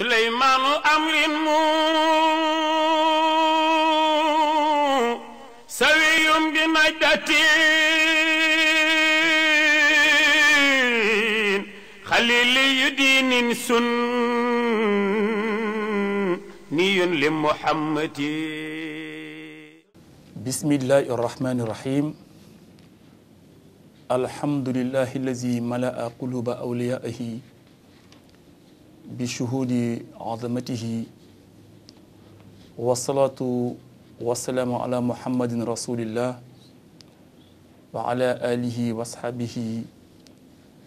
suleymaanu amrin mu sawiyum bi najdatin xaliliyu diinin sun niyun li muhammadi bismillahi arrahmani irrahim alhamdulilahi allazi malaa quluba awliyaihi bishuhudi azamatihi wasalaatu wasalaamu ala muhammadin rasulillah wa ala alihi wa asxaabihi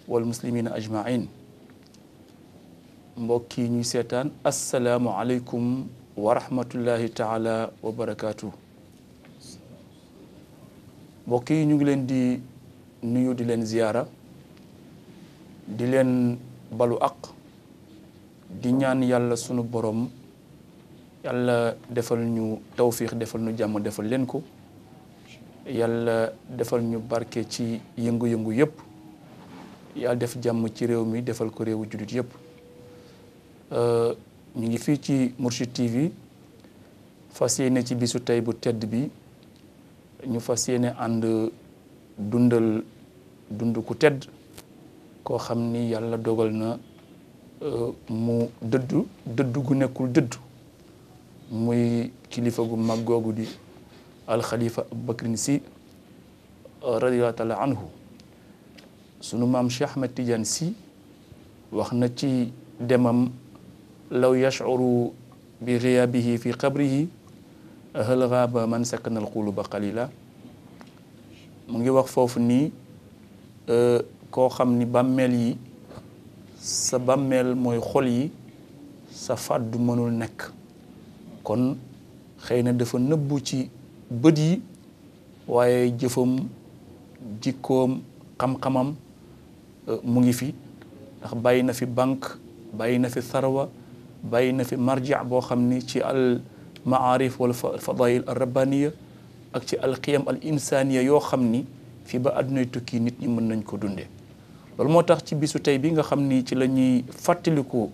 walmuslimina ajmain mbokk yi ñuy seetaan assalaamu aleykum wa rahmatullahi taala wa barakaatu mbokk yi ñu ngi leen di nuyu di leen ziyaara di leen balu aq di ñaan yàlla sunu boroom yàlla defal ñu tawfiix defal ñu jàmm defal leen ko yàlla defal ñu barke ci yëngu-yëngu yëpp yàlla def jàmm ci réew mi defal ko réewu jullit yëpp euh, ñu ngi fii ci Mourchid fas yéene ci bisu tey bu bi ñu fas yéene ànd dundal dund ku tedd koo xam ni yàlla dogal na Euh, mu dëddu dëddu gu nekkul dëdd muy kilifa gu mag googu di alxalifa abubakrin si euh, radiallahu taala anhu sunu maam Cheikh Ahmed Tidiane si wax na ci demam law yashcuru bi giyaabihi fi qabrihi hal gaaba man sakana alquluba qalila mu ngi wax foofu nii euh, koo xam ni bàmmeel yi sa bàmmeel mooy xol yi sa fàddu mënul nekk kon xëy na dafa nëbbu ci bët yi waaye jëfam jikkoom xam-xamam euh, mu ngi fi ndax bàyyi na fi bank bàyyi na fi sarwa bàyyi na fi marja boo xam ni ci al maarif wala fadail al rabbaniya ak ci al qiyam al insaniya yoo xam ni fii ba àddunay tukki nit ñi mën nañ koo dundee loolu moo tax ci bisu tey bi nga xam ni ci la ñuy fàttaliku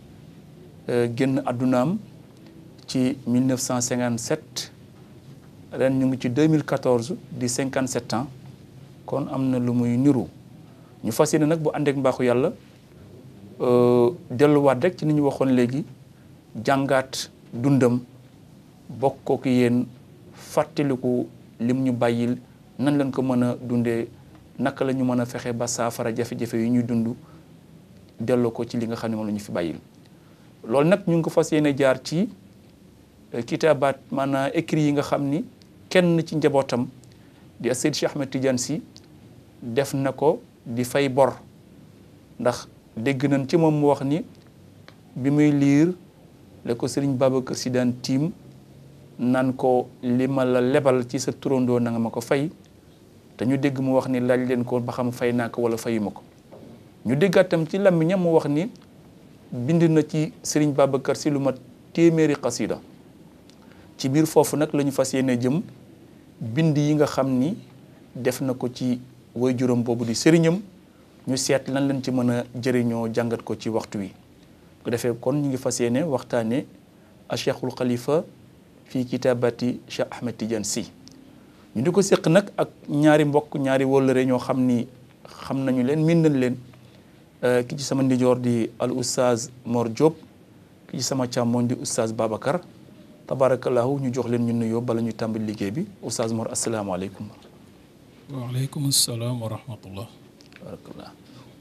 euh, génn àddunaam ci 1957 ren ñu ngi ci 2014 di 57 ans kon am na lu muy niru ñu fas yéene nag bu àndeek mbaaxu yàlla euh, delluwaat rek ci ni ñu waxoon léegi jàngaat dundam bokk ko yéen fàttaliku lim ñu bàyyil nan lañ ko mën a dundee naka la ñu mën a fexe ba saafara jafe-jafe yu ñuy dund delloo ko ci li nga xam ne moom la ñu fi bàyyil loolu nag ñu ngi ko fas yéene jaar ci euh, kitaabaat maanaam écrit yi nga xam ni kenn ci njabootam di Seydi Cheikh Ahmed Tidiane si def na ko di fay bor ndax dégg nañ ci moom mu wax ni bi muy liir la ko Serigne Babacar Sy daan tiim naan ko li ma la lebal ci sa turandoo nanga ma ko fay dañu dégg mu wax ni laaj leen ko ba xam fay naa ko wala fayuma ko ñu déggaat tam ci làmmiñam mu wax ni bind na ci Serigne Babacar si lu ma téeméeri xasida ci biir foofu nag la ñu fas yéene jëm bind yi nga xam ni def na ko ci way juróom boobu di sëriñam ñu seet lan lañ ci mën a jëriñoo jàngat ko ci waxtu wi ko defee kon ñu ngi fas yéene waxtaane a cheikhul xalifa fii kitabati Cheikh Ahmed Tidiane si ñu di ko séq nag ak ñaari mbokk ñaari wóllëre ñoo xam ni xam nañu leen miin nañ leen euh, ki ci sama ndijoor di al oustaz Mor Diop ki sama càmmooñ di oustaz Babacar tabarakallahu ñu jox leen ñu nuyoo bala ñu tàmbali liggéey bi oustaz Mor asalaamaaleykum. waaleykum salaam wa rahmatullah. barakallah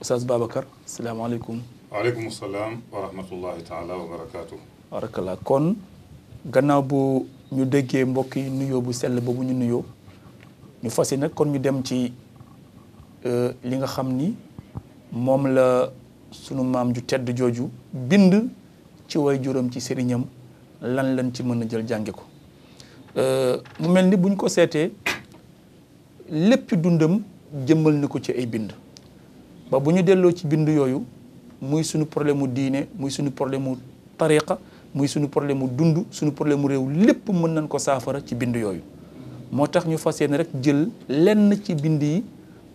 oustaz Babacar asalaamaaleykum. waaleykum salaam wa rahmatullahi taala wa barakaatu. barakallah kon gannaaw bu ñu déggee mbokk yi nuyoo bu sell boobu ñu nuyoo. ñu fas yi nag kon ñu dem ci euh, li nga xam ni moom la sunu maam ju tedd jooju bind ci way juróom ci sëriñam lan lan ci mën a jël jànge ko euh, mu mel ni buñ ko seetee lépp dundam jëmmal na ko ci ay bind ba bu ñu delloo ci bind yooyu muy sunu problème mu diine muy sunu problème mu tariqa muy suñu problème mu dund suñu problème mu réew lépp mën nañ ko saafara ci bind yooyu moo tax ñu fas yéene rek jël lenn ci bind yi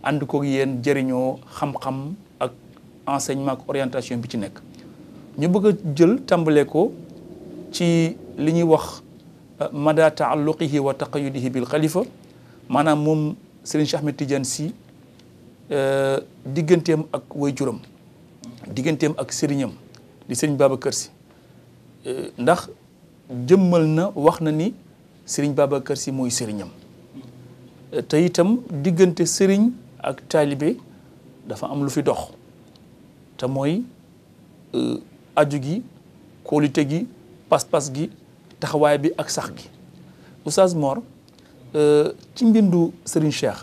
ànd koog yéen jëriñoo xam-xam ak enseignement ak orientation bi ci nekk ñu bëgg a jël tàmbale ko ci li ñuy wax euh, mada taalluqihi wa taqayudihi bil xalifa maanaam moom Serigne Cheikh Ahmed si Sy euh, digganteem ak waajuram digganteem ak sëriñam di Serigne kër si euh, ndax jëmmal na wax na ni sëriñ Babacar si mooy sëriñam te itam diggante sëriñ ak taalibe dafa am lu fi dox te mooy euh, aju gi kóolute gi pas-pas gi taxawaay bi ak sax gi Oustaz Mor euh, ci mbindu sëriñ Cheikh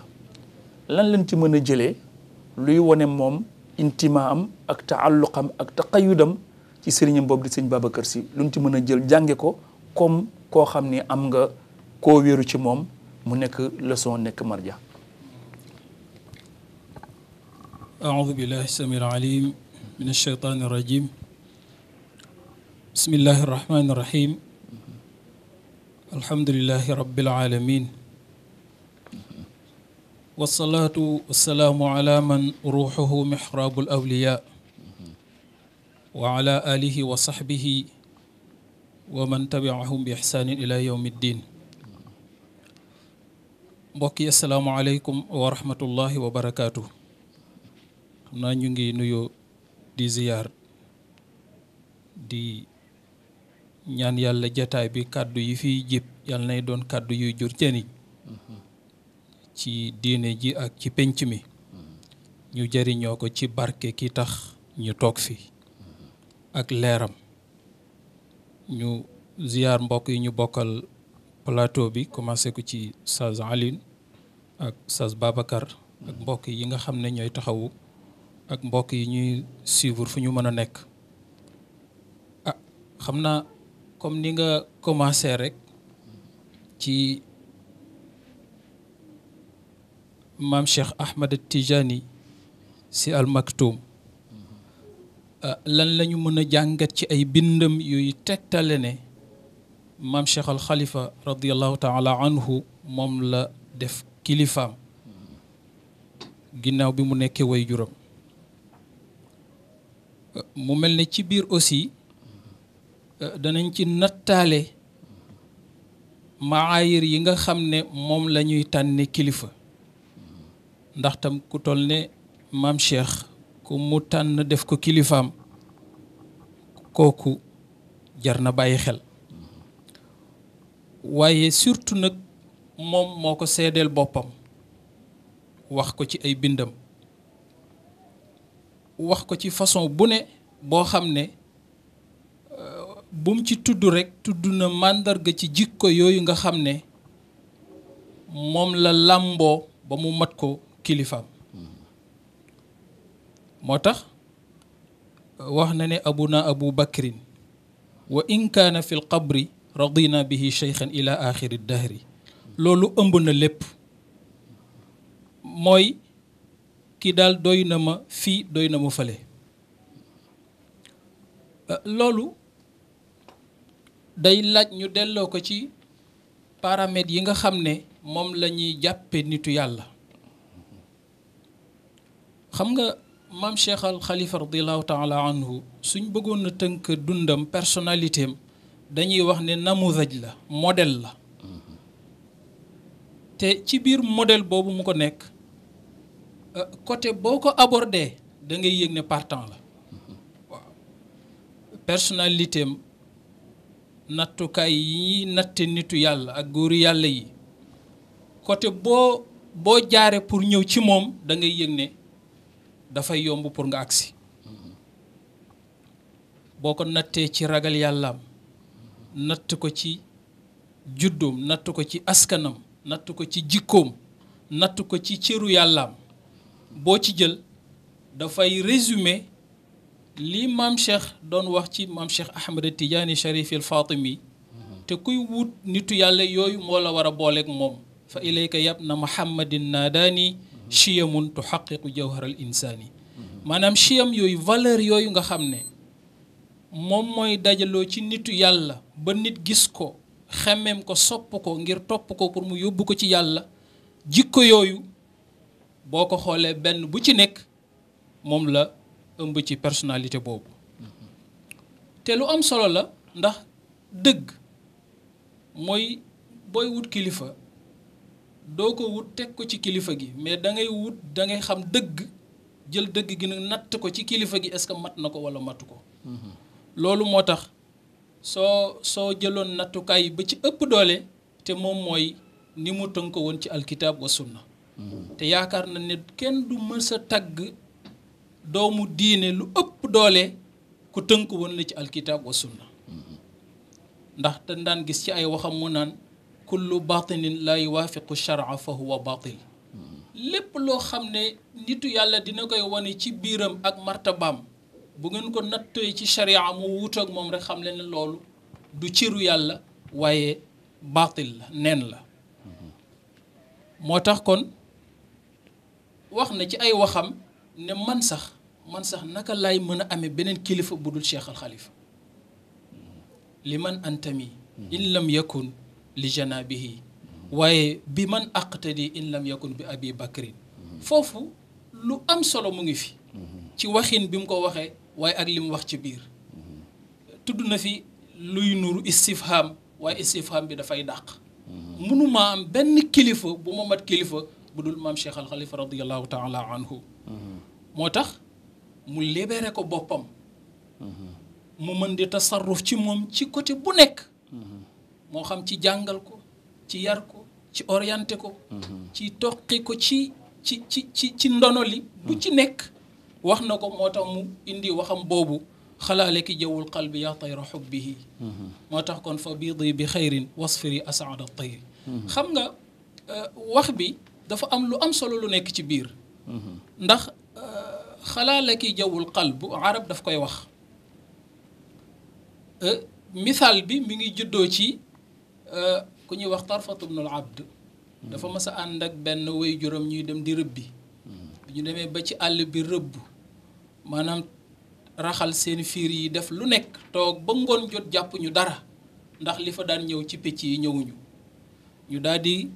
lan lañ ci mën a jëlee luy wone moom intima am ak taalluqam ak taqayudam ci sëriñam boobu di sëriñ Babacar si luñ ci mën a jël jànge ko comme koo xam ni am nga koo wéeru ci moom mu nekk leçon nekk marja أعوذ بالله السميع العليم من الشيطان الرجيم بسم الله الرحمن الرحيم الحمد لله رب العالمين والصلاة والسلام على من روحه محراب الأولياء وعلى آله وصحبه wa man tabiahum bi ixsaanin ila yowmi ddin mbokk yi asalaamaaleykum wa rahmatullahi barakaatu xam naa ñu ngi nuyoo di ziyaar di ñaan yàlla jataay bi kàddu yi fiy jib yàlla nay doon kàddu yuy jur jëriñ ci diine ji ak ci pénc mi ñu jariñoo ko ci barke ki tax ñu toog fi ak leeram ñu ziar mbokk yi ñu bokkal plateau bi commencé ko ci saz Aline ak saz Babacar ak mbokk yi nga xam ne ñooy taxawu ak mbokk yi ñuy suivre fu ñu mën a nekk ah xam naa comme ni nga commencé rek ci maam Cheikh Ahmed Tijani si al Maktoum Euh, lan lañu ñu mën a jàngat ci ay bindam yuy tegtale ne maam Cheikh Al Khalifa radiallahu taala anhu moom la def kilifaam ginnaaw bi mu nekkee way juróom euh, mu mel ni ci biir aussi euh, danañ ci nattaale maayir yi nga xam ne moom lañuy ñuy tànne kilifa ndax tam ku toll ne maam Cheikh ku mu tànn def ko kilifaam kooku jar na bàyyi xel waaye surtout nag moom moo ko seedeel boppam wax ko ci ay bindam wax ko ci façon bu ne boo xam ne euh, bum ci tudd rekk tudd na màndarga ci jikko yooyu nga xam ne moom la làmboo ba mu mat ko kilifaam moo tax wax na ne abuna abu bakrin wa in kaana fi l qabri radina bihi cheykhan ila axiri dahri loolu ëmb na lépp mooy ki daal doy na ma fii doy na mu fale euh, loolu day laaj ñu delloo ko ci paramet yi nga xam ne moom lañuy jàppe nitu yàlla xam nga maam Cheikh Al Khalifa radiallahu taala anhu suñ bëggoon na tënk dundam personnalité dañuy wax ne namudaj la modèle la te ci biir modèle boobu mu ko nekk euh, côté boo ko abordé da ngay yëg ne partant la waaw nattukaay yi natte nitu yàlla ak góoru yàlla yi côté boo boo jaare pour ñëw ci moom da ngay yëg ne dafay yomb pour nga agsi boo ko nattee ci ragal yàllaam natt ko ci juddoom natt ko ci askanam natt ko ci jikkoom natt ko ci cëru yàllaam boo ci jël dafay résumer li maam Cheikh doon wax ci maam Cheikh Ahmed Tidiane Sharif al Fatimi te kuy wut nitu yàlla yooyu moo la war a booleeg moom fa ilayka yab na muhammadin naadaani chiyamun tuxaqiqu jawharal insaani maanaam chiyam yooyu valeur yooyu nga xam ne moom mooy dajaloo ci nitu yàlla ba nit gis ko xemmeem ko sopp ko ngir topp ko pour mu yóbbu ko ci yàlla jikko yooyu boo ko xoolee benn bu ci nekk moom la ëmb ci personnalité boobu te lu am solo la ndax dëgg mooy booy wut kilifa doo ko wut teg ko ci kilifa gi mais da ngay wut da ngay xam dëgg jël dëgg gi nag natt ko ci kilifa gi est-ce que mat na ko walla matu ko. Mhm. loolu moo tax soo soo jëloon nattukaay ba ci ëpp doole te moom mooy ni mu tënk woon ci alkitaab wa sunna. Mhm. te yaakaar na ne kenn du mës a tagg doomu diine lu ëpp doole ku tënk woon la ci alkitaab wa sunna. Mhm. ndax dañ daan gis ci ay waxam mu naan. kullu batinin la yuwaafiqu shara fa huwa batil lépp loo xam ne nitu yàlla dina koy wane ci biiram ak martabaam bu ngeen ko nattee ci sharia mu wuutoog moom rek xam leen ne loolu du ciru yàlla waaye baatil la neen la moo tax kon wax na ci ay waxam ne man sax man sax naka lay mën a ame beneen kilifa bu dul cheikh xalifa li man antami in lam yakun li janabihi waaye bi man aqtadi in lam yakun bi abi foofu lu am solo mu ngi fi ci waxin bi mu ko waxee waaye ak li mu wax ci biir tudd na fi luy nuru istifham waaye istifham bi dafay dàq mënuma am benn kilifa bu ma mat kilifa bu dul maam Cheikh Al Khalifa radiallahu taala anhu moo tax mu libéré ko boppam mu mën di tasarruf ci moom ci côté bu nekk moo xam ci jàngal ko ci yar ko ci orienté ko mhm. ci toqi ko ci ci ci ci ci ndono li bu ci mhm. nekk wax na ko moo tax mu indi waxam boobu xalaale ki jawwul qalbi yaa tayra xubbihi mhm. moo tax kon fa biidi bi xayrin wasfiri asaada tayri xam nga euh, wax bi dafa am lu am solo lu nekk ci biir ndax euh, xalaale ki jawwul qalb arab daf koy wax euh, misaal bi mi ngi juddoo ci Euh, ku ñuy wax tarfatu bnul abd dafa mas a ànd ak benn way juróom ñuy dem di rëbbi hmm. bi ñu demee ba ci àll bi rëbb maanaam raxal seen fiir yi def lu nekk toog ba ngoon jot jàppuñu dara ndax li fa daan ñëw ci picc yi ñëwuñu ñu daal di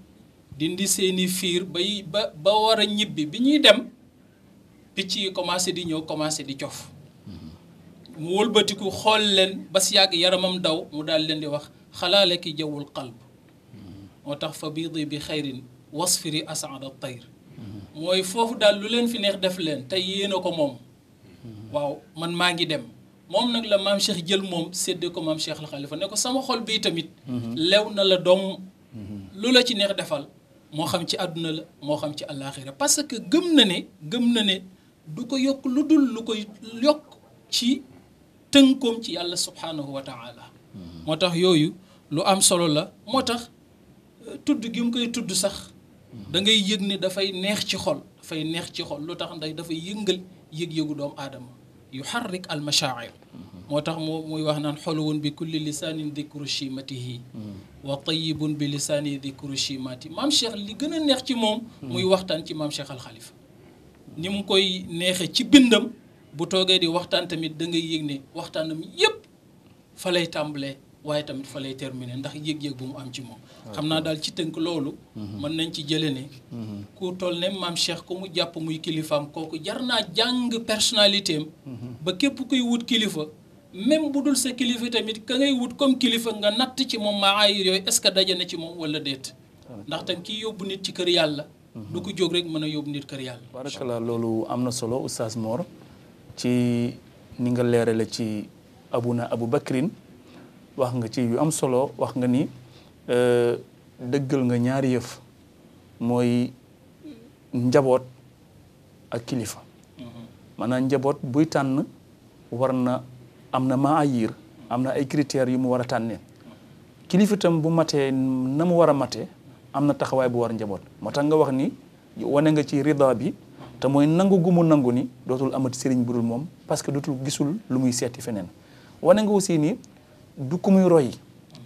dindi seeni fiir bay ba ba war a ñibbi bi ñuy dem picc yi commencé di ñëw commencé di cof hmm. mu wëlbatiku xool leen ba si yàgg yaramam daw mu daal leen di wax xalaale ki jawul qalb moo tax fa biidi bi xayrin wasfiri asada tayr mooy foofu daal lu leen fi neex def leen tey yéen a ko moom waaw man maa ngi dem moom nag la maam Cheikh jël moom séddee ko maam Cheikh al Khalifa ne ko sama xol bii tamit lew na la doom lu la ci neex defal moo xam ci àdduna la moo xam ci àllaaxira parce que gëm na ne gëm na ne du ko yokk lu dul lu koy yokk ci koom ci yàlla subhaanahu wa taala moo tax yooyu lu am solo la moo tax euh, tudd gi mu koy tudd sax da ngay yëg ne dafay neex ci xol dafay neex ci xol lu tax ndey dafay yëngal yëg-yëgu doomu aadama yu xarrik al mashaa'ir moo tax mu muy wax naan xolowun bi kulli lisaanin dikru chimatihi wa tayibun bi lisaani dikru chimati maam Cheikh li gën a neex ci moom muy waxtaan ci maam Cheikh al Xalifa ni mu koy neexe ci bindam bu toogee di waxtaan tamit da ngay yëg ne waxtaanam yépp fa lay tàmbalee waaye tamit fa lay terminer ndax yëg-yëg bu mu am ci moom xam naa daal ci tënk loolu mhm. mën nañ ci jële ne mhm. ku toll ne maam Cheikh ku mu jàpp muy kilifaam kooku jar naa jàng personnalité mhm. ba képp kuy wut kilifa même bu dul sa kilifa tamit ka ngay wut comme kilifa nga natt ci moom maa ayir yooyu est-ce que daje na ci moom wala déet ndax tam kii yóbbu nit ci kër yàlla du ko jóg rek mën a yóbbu nit kër yàlla barakallah loolu am na solo oustaz Mor ci ni nga leerale ci abuna abou bakrin wax nga ci yu am solo wax nga ni euh, dëggal nga ñaari yëf mooy njaboot ak kilifa mm-hmm. maanaam njaboot buy tànn war na am na maa yiir am na ay critères yu mu war a tànnee mm-hmm. kilifa itam bu matee na mu war a mate am na taxawaay bu war njaboot moo tax nga wax ni wane nga ci rida bi te mooy nangu gu nangu ni dootul amat sëriñ bu dul moom parce que dootul gisul lu muy seeti feneen wane nga aussi ni du ku muy roy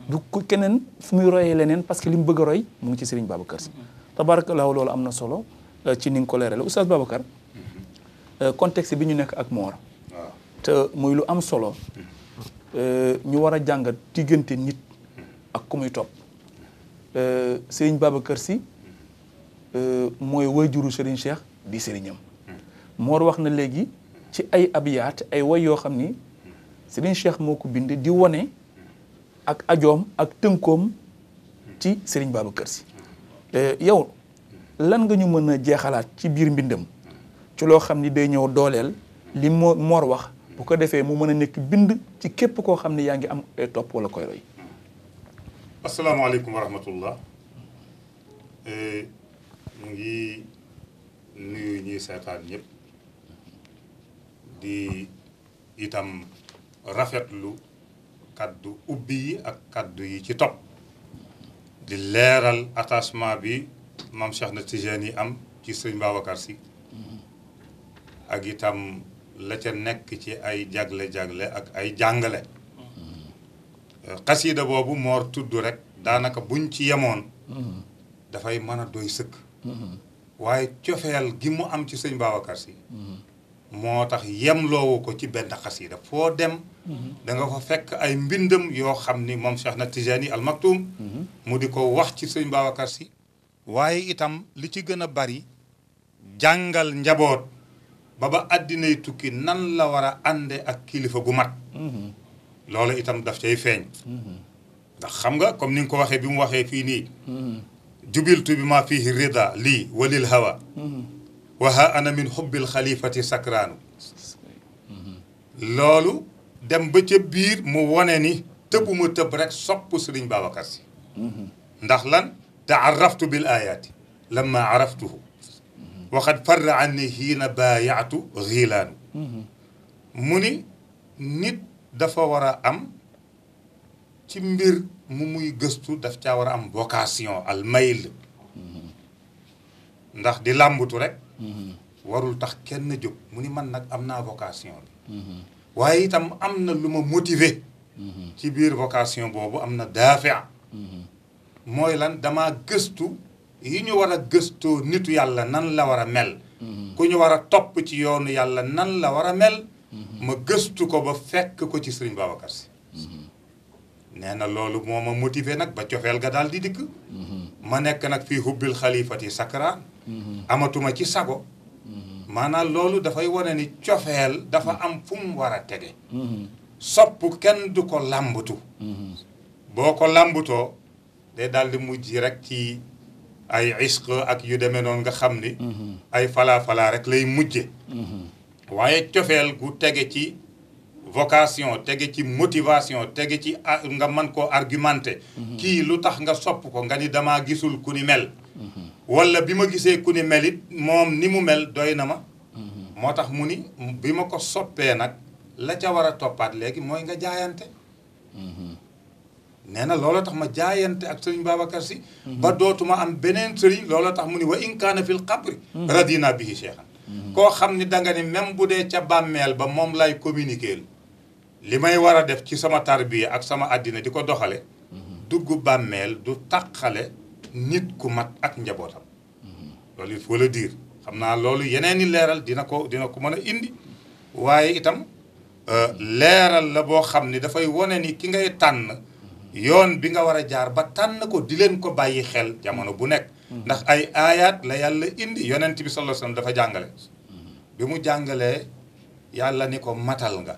du ku keneen fu muy royee leneen parce que li bëgg a roy mu ngi ci Serigne Babacar si tabaarakallaahu loolu am na solo euh, ci ni nga ko leerale oustaz Babacar euh, contexte bi ñu nekk ak Mor te muy lu am solo euh, ñu war a jàngat diggante nit ak ku muy topp Serigne Babacar si mooy wayjuru Serigne Cheikh di Serignam moor wax na léegi ci ay abiyaat ay way yoo xam ni Serigne Cheikh moo ko bind di wone ak ajoom ak tënkoom ci Serigne Babacar Sy eh, yow lan nga ñu mën a jeexalaat ci biir mbindam ci loo xam ni day ñëw dooleel li moo moor wax bu ko defee mu mën a nekk bind ci képp koo xam ne yaa ngi am eh, topp wala koy roy asalaamaaleykum wa rahmatullah eh, ngi nuyu ñuy seetaan ñëpp di itam rafetlu kaddu ubbi yi ak kàddu yi ci topp di leeral attachement bi maam Cheikh na Tijaan yi am ci sëñ Babacar Si ak itam la ca nekk ci ay jagle-jagle ak ay jàngale xasiida boobu moor tudd rek daanaka buñ ci yemoon dafay mën a doy sëkk mm-hmm. waaye cofeel gi mu am ci sëñ Babacar Si moo tax yem yemloowu ko ci benn xasida foo dem mhm. danga nga fa fekk ay mbindam yoo xam ni moom Cheikh na Tijani Al Maktoum mhm. mu di ko wax ci sëñ Babacar Si waaye itam li ci gën a bari jàngal njaboot ba ba àddina àddinay tukki nan la war a ànde ak kilifa gu mat mhm. loolu itam daf cay feeñ ndax xam nga comme ni nga ko waxee bi mu waxee fii nii jubiltu bi ma fiihi rida lii walil hawa waha ana min xubbil xalifati sakraanu loolu dem ba ca biir mu wone ni tëbu ma tëb rek sopp sëriñ Babacar Si ndax lan taaraftu bil ayaati lamma araftuhu waxad farra anni hiina baayaatu xiilaanu mu ni nit dafa war a am ci mbir mu muy gëstu daf caa war a am vocation al mayl ndax di làmbatu rek warul tax kenn jóg mu ni man nag am naa vocation bi mhm. waaye itam am na lu ma motive mhm. ci biir vocation boobu am na daafia mhm. mooy lan dama gëstu yi ñu war a gëstoo nitu yàlla nan la war a mel ku ñu war a topp ci yoonu yàlla nan la war a mel ma gëstu ko ba fekk ko ci sëriñ Babacar Si nee na loolu moo ma motiver nag ba cofeel ga daal di dikk ma nekk nag fii hubbil xalifati sakraan amatuma ci sago maanaam loolu dafay wane ni cofeel dafa am fum mu war a tege sopp kenn du ko làmbatu boo ko làmbatoo day daal di mujj rek ci ay isq ak yu demee noonu nga xam ni ay falaa falaa rek lay mujje waaye cofeel gu tege ci vocation tege ci motivation tege ci nga mën koo argumenté kii lu tax nga sopp ko nga ni dama gisul ku ni mel wala bi ma gisee ku ne mel it moom ni mu mel doy na ma. Mm-hmm. moo tax mu ni bi ma ko soppee nag la ca war a toppaat léegi mooy nga jaayante. Mm-hmm. nee na looloo tax ma jaayante ak sëriñ Babacar si. Mm-hmm. ba dootuma am beneen sëriñ looloo tax mu ni wa inkaana fil xabri. radina bihi xam ni danga ni même bu dee ca bàmmeel ba moom lay communiquer li may war a def ci sama tarbiya ak sama àddina di ko doxale dugg bàmmeel du taqale nit ku mat ak njabootam. loolu il faut le dire xam naa loolu yeneen i leeral dina ko dina ko mën a indi waaye itam euh, leeral la boo xam ni dafay wone ni ki ngay tànn yoon bi nga war a jaar ba tànn ko di leen ko bàyyi xel jamono bu nekk. ndax ay aayaat la yàlla indi yonent bi sallallahu alayhi dafa jàngale. bi mu jàngalee yàlla ni ko matal nga.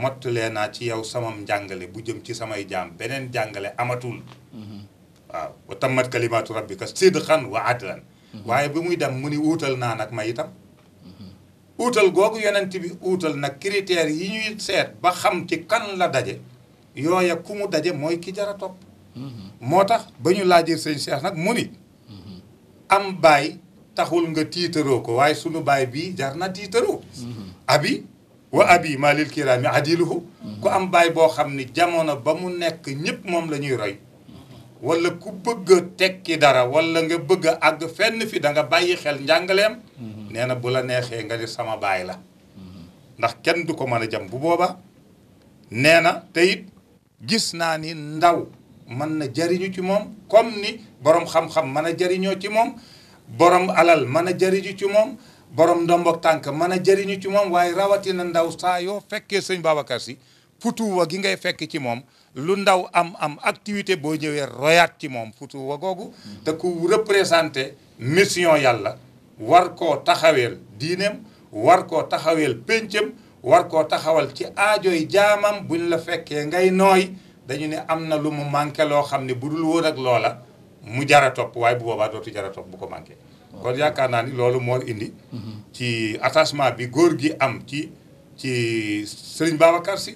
mottalee naa ci yow samam njàngale bu jëm ci samay jaam beneen jàngale amatul. waaw wa tammat kalimatu rabbika sidqan wa adlan mhm. waaye bi muy dem mu ni wutal naa nag ma itam mhm. uutal googu yonent bi uutal nag critères yi ñuy seet ba xam ci kan la daje yooya ku mu daje mooy ki jara topp mhm. moo tax ba ñu laajee sëñ Cheikh nag mu ni am baay taxul nga tiitaroo ko waaye suñu baay bii jar na tiitaroo abi wa abi maalil kiraami adiluhu ku am baay boo xam ni jamono ba mu nekk ñëpp moom la ñuy roy wala ku bëgg a tekki dara wala nga bëgg a àgg fenn fi danga bàyyi xel njàngaleem. Mm-hmm. nee na bu la neexee nga di sama baay la. Mm-hmm. ndax kenn du ko mën a jam bu booba nee na te it gis naa ni ndaw mën na jariñu ci moom comme ni borom xam mën a jariñoo ci moom borom alal mën a jariñu ci moom borom ndombok tànk mën a jariñu ci moom waaye rawatina ndaw saa yoo fekkee sëñ Babacar si futuwa gi ngay fekk ci moom. lu ndaw am am activité boo ñëwee royaat ci moom futu wa googu te ku représenté mission yàlla war koo taxaweel diineem war koo taxaweel péncam war koo taxawal ci aajoy jaamam bu ñu la fekkee ngay nooy dañu ne am na lu mu manqué loo xam ne bu dul woon ak loola mu jara topp waaye bu boobaa dootu jara topp bu ko manqué kon yaakaar naa ni loolu moo indi ci attachement bi góor gi am ci ci Serigne Babacar Sy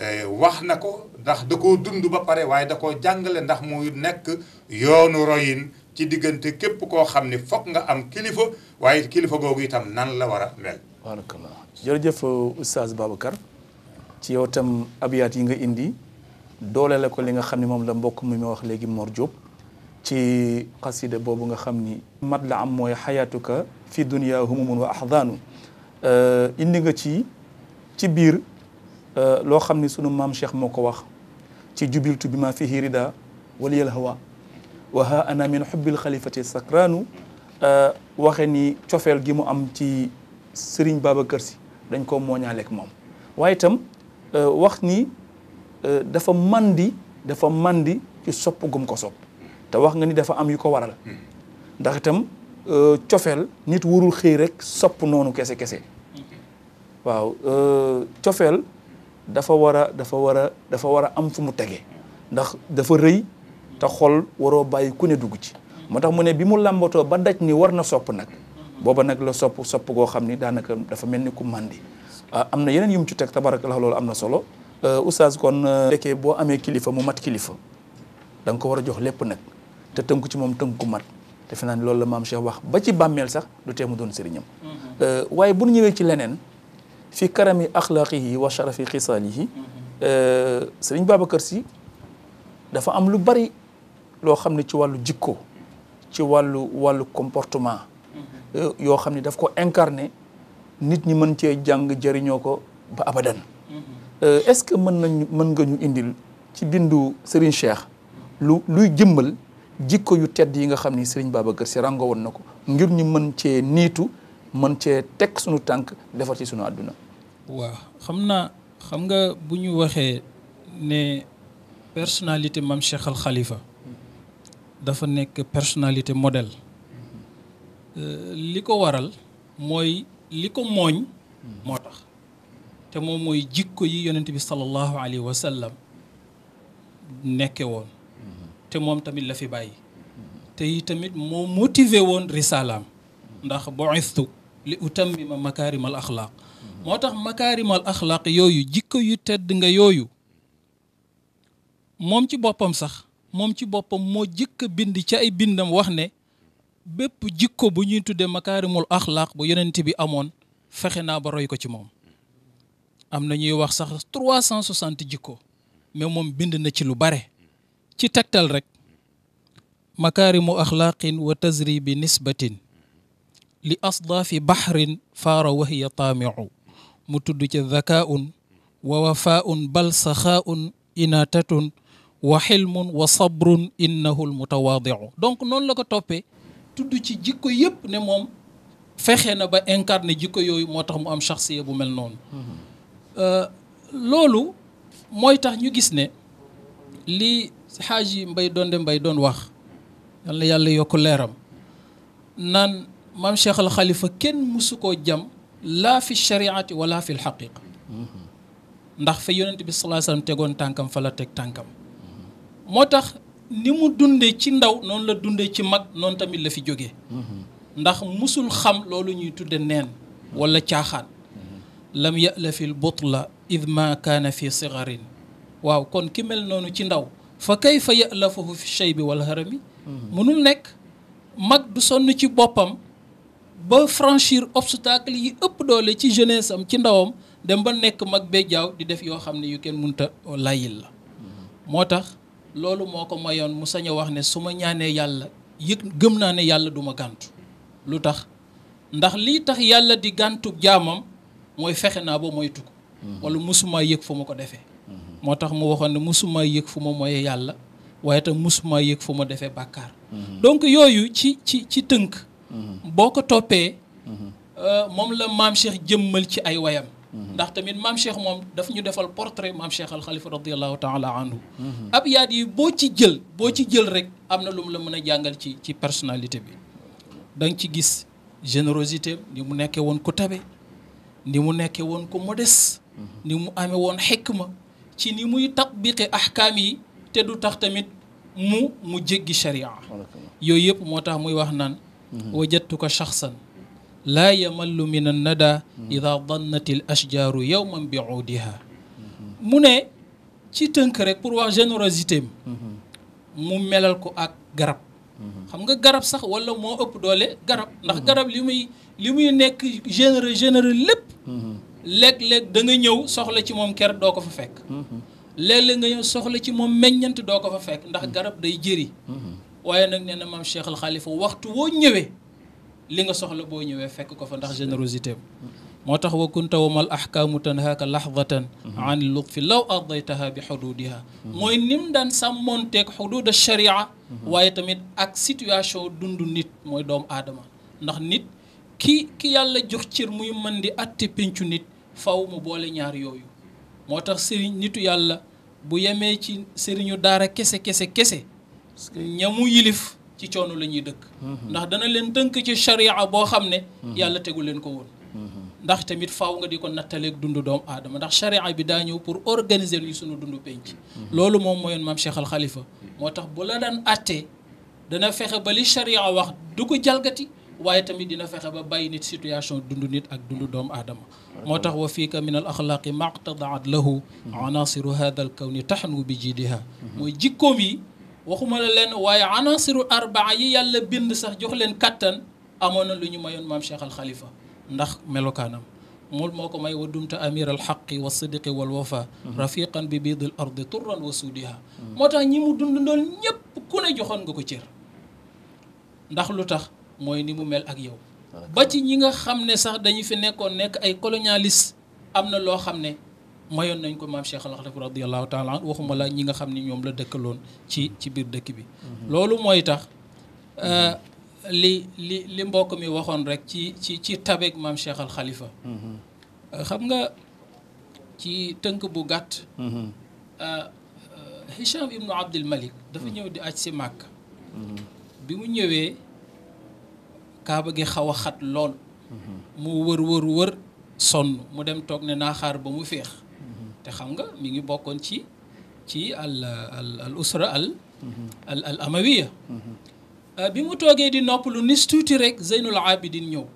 eh, wax na ko ndax da ko dund ba pare waaye da koo jàngale ndax mu nekk yoonu royin ci diggante képp koo xam ni foog nga am kilifa waaye kilifa googu itam nan la war a mel. barakallah jërëjëf oustaz Babacar ci yow itam abiyaat yi nga indi doole la ko li nga xam ne moom la mbokk mi ma wax léegi Mor Diop ci xasida boobu nga xam ni mat la am mooy xayaatuka fi dunia humumun wa ahdaanu euh, indi nga ci ci biir euh, loo xam ni sunu maam Cheikh moo ko wax ci jubiltu bi ma fihi rida waliyal hawa wa ha ana min xubbil xalifati sakraanu euh, waxe ni cofeel gi mu am ci Serigne Babacar Sy dañ ko mooñaaleeg moom waaye itam euh, wax ni euh, dafa mandi dafa mandi ci sopp gum ko sopp te wax nga ni dafa am yu ko waral ndax itam cofeel nit warul xëy rek sopp noonu kese kese waaw cofeel dafa war a dafa war a dafa war a am fu mu tegee ndax dafa rëy te xol waroo bàyyi ku ne dugg ci moo tax mu ne bi mu làmbatoo ba daj ni war na sopp nag booba nag la sopp sopp goo xam ni daanaka dafa mel ni ku màndi ah, am na yeneen yum ci teg tabarakallah loolu am na solo euh, oustaz kon euh, fekkee boo amee kilifa mu mat kilifa da ko war a jox lépp nag te tënku ci moom tënku mat defe naa ni loolu la maam Cheikh wax ba ci bàmmeel sax du tee mu doon sëriñam mm-hmm. euh, waaye bu ñu ñëwee ci leneen fi karami yi wa sharafi xisaalihi mm-hmm. euh, sëriñ Babacar si dafa am lu bari loo xam ne ci wàllu jikko ci wàllu wàllu comportement mm-hmm. euh, yoo xam ne daf ko incarné nit ñi mën cee jàng jëriñoo ko ba abadan mm-hmm. euh, est-ce que mën nañ mën nga ñu indil ci bindu Serigne Cheikh lu luy jëmmal jikko yu tedd yi nga xam ni Serigne Babacar Sy rango woon na ko ngir ñu mën cee niitu mën cee teg suñu tànk defar ci suñu àdduna waaw xam naa xam nga bu ñu waxee ne personnalité maam Cheikh Al dafa nekk personnalité modèle euh, li ko waral mooy li ko mooñ moo tax te moom mooy jikko yi yonent bi sallallahu alayhi wa sallam nekke woon te moom tamit la fi bàyyi te yi tamit moo motivé woon risalaam ndax boistu li utam bi utammima makaarimal axlaaq moo tax makaarimal axlaaq yooyu jikko yu tedd nga yooyu moom ci boppam sax moom ci boppam moo jëkk a bind ci ay bindam wax ne bépp jikko bu ñuy tuddee makaarimul axlaaq bu yenent bi amoon fexe naa ba roy ko ci moom am na ñuy wax sax trois cent soixante jikko mais moom bind na ci lu bare ci tegtal rek makaarimu axlaaqin wa tasri bi nisbatin li asda fi baxrin faara wahiya taamiu mu tudd ca zakaun wa wafaun bal saxaaun inaatatun wa xilmun wa sabrun innahu lmutawaadiu donc noonu la ko toppee tudd ci jikko yépp ne moom fexe na ba incarné jikko yooyu moo tax mu am shaxsiya bu mel noonu euh, loolu mooy tax ñu gis ne li xaaj yi mbay doonde mbay doon wax yal yokk leeram naan maam Cheikh al kenn mësu koo jam laa fi shariati walla fi lxaqiqa ndax bi salaa sallam tànkam fa teg tànkam moo tax ni mu dundee ci ndaw noonu la dundee ci mag noonu tamit la fi jógee ndax xam loolu ñuy tudde neen wala caaxaan lam ya'la fi lbutla id kaana fi waaw kon ki noonu ci ndaw fa kayfa ya'lafahu fi shaybi wal harami mënul nekk mag du sonn ci boppam ba franchir obstacle yi ëpp doole ci jeunesse am ci ndawam dem ba nekk mag bee jaaw di def yoo xam ne yu kenn munta layil la moo tax loolu moo ko mayoon mu sañ a wax ne su ma ñaanee yàlla yëg gëm naa ne yàlla du ma gàntu lu tax ndax lii tax yàlla di gàntu jaamam mooy fexe naa ba moytu ko mhm. wala musumaa yëg fu ma ko defee mhm. moo tax mu waxoon ne musumaa yëg fu ma moye yàlla waaye tam musumaa yëg fu ma defee bàkkaar mhm. donc yooyu ci ci tënk boo ko toppee mhm. euh, moom la maam Cheikh jëmmal ci ay wayam mhm. ndax tamit maam Cheikh moom daf ñu defal portrait maam Cheikh al Khalifa radiallahu taala anhu mhm. ab yaat yi boo ci jël boo ci jël rek am na lu mu la mën a jàngal ci ci personnalité bi da ci gis générosité ni mu nekkee woon ko tabe ni mu nekkee woon ku modeste ni mu amee woon xikma ci ni muy tatbiqe ahkaam yi te du tax tamit mu mu jéggi sharia yooyu yëpp moo tax muy wax naan Mm-hmm. wajadtuka shaxsan laa yamallu min an nada mm-hmm. ida dannat al ashjaaru yowman bi udiha mm-hmm. mu ne ci tënk rek pour wax générosité mu melal ko ak garab xam nga garab sax wala moo ëpp doole garab ndax garab li muy li muy nekk généreux généreux lépp léeg-léeg da nga ñëw soxla ci moom ker doo ko fa fekk léeg-léeg nga ñëw soxla ci moom meññant doo ko fa fekk ndax garab day jëri waaye nag nee na maam Cheikh Al waxtu woo ñëwee li nga soxla boo ñëwee fekk ko fa ndax générosité am moo tax wa kunta wa mal ahkaamu tanhaaka lahdatan an lutfi law ardaytaha bi xududiha mooy nim daan sàmmoonteeg xududa sharia waaye tamit ak situation dund nit mooy doomu aadama ndax nit ki ki yàlla jox cir muy man di atte péncu nit faw mu boole ñaar yooyu moo tax sëriñ nitu yàlla bu yemee ci sëriñu daara kese kese kese ña mu yilif ci coonu la ñuy dëkk mhm. ndax dana leen tënk ci sharia boo xam ne mhm. yàlla tegu leen ko woon mhm. ndax tamit faw nga di ko nattaleeg dundu doomu aadama ndax sharia bi daa ñëw pour organiser ñu sunu dundu penc loolu moom mooyoon maam Cheikh Al moo tax bu la daan àttee dana fexe ba li sharia wax du ko jalgati waaye tamit dina fexe ba bàyyi nit situation dundu nit ak dundu doomu aadama moo tax wa fiika min al axlaaqi maqtadaat lahu anasiru hada al bi waxuma la leen waaye anasiru arbaa yi yàlla bind sax jox leen kàttan amoon na lu ñu mayoon maam Cheikh Al ndax melokaanam mul moo ko may wa dumta amir al xaqi wa sidqi wal wafa mhm. rafiqan bi biidil ardi turran wa suudiha mhm. moo tax ñi mu dund ndool ñépp ku ne joxoon nga ko cër ndax lu tax mooy ni mu mel ak yow ba ci ñi nga xam ne sax dañu fi nekkoon nekk ay colonialiste am na loo xam ne mayoon nañ ko maam Cheikh Al Khadim waxuma la ñi nga xam ni ñoom la dëkkaloon ci ci biir dëkk bi. Mhm. loolu mooy tax mhm. euh, li li mbokk mi waxoon rek ci ci ci tabeeg maam Cheikh Al mhm. euh, xam nga ci tënk bu gàtt. Euh, Hicham ibnu Abdul Malik dafa ñëw di aj si Màkka. bi mu ñëwee kaaba gi xaw xat lool. mu wër wër wër sonn mu dem toog ne naa ba mu feex te xam nga mi ngi bokkoon ci ci al al amawiya euh, bi mu toogee di noppalu nis tuuti rek Zeynul Abidin ñëw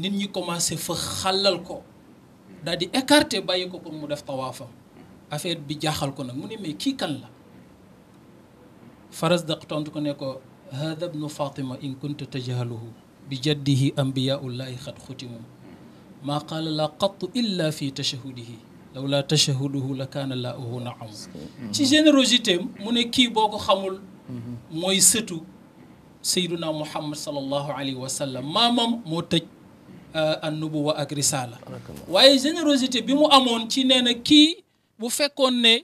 nit ñi commencé fa xalal ko daal di écarter bàyyi ko pour mu def tawaafam affaire bi jaaxal ko nag mu ne mais kii kan la Farazdak tontu ko ne ko hada bnu Fatima in kunta tajhaluhu bi illa fi tashahudihi lawla tashahuduhu la kaana na naam mm-hmm. ci générosité mu ne kii boo ko xamul mm-hmm. mooy sëtu sayduna muhammad salallahu alayhi wa sallam maamam moo tëj euh, annubuwa ak risala waaye générosité bi mu amoon ci nee na kii bu fekkoon ne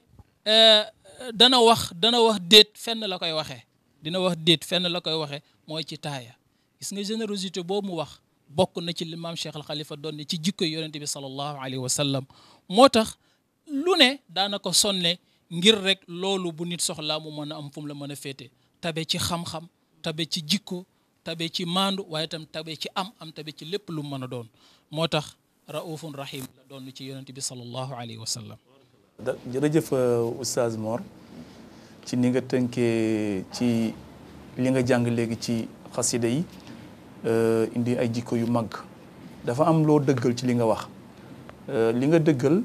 euh, dana wax dana wax déet fenn la koy waxe dina wax déet fenn la koy waxee mooy ci taaya gis nga générosité boobu mu wax bokk na ci li maam Cheikh al Khalifa doon ne ci jikko yonente bi salallahu alayhi wa moo tax lu ne daanaka sonne ngir rek loolu bu nit soxlaa mu mën a am fu la mën a féete tabe ci xam-xam tabe ci jikko tabe ci maandu waaye itam tabe ci am am tabe ci lépp lu mën a doon moo tax raufun rahim la doon ci yonent bi sallallahu alayhi wa sallam jërëjëf euh, oustaz Mor ci ni nga tënkee ci li nga jàng léegi ci xasida yi euh, indi ay jikko yu mag dafa am loo dëggal ci li nga wax Euh, li nga dëggal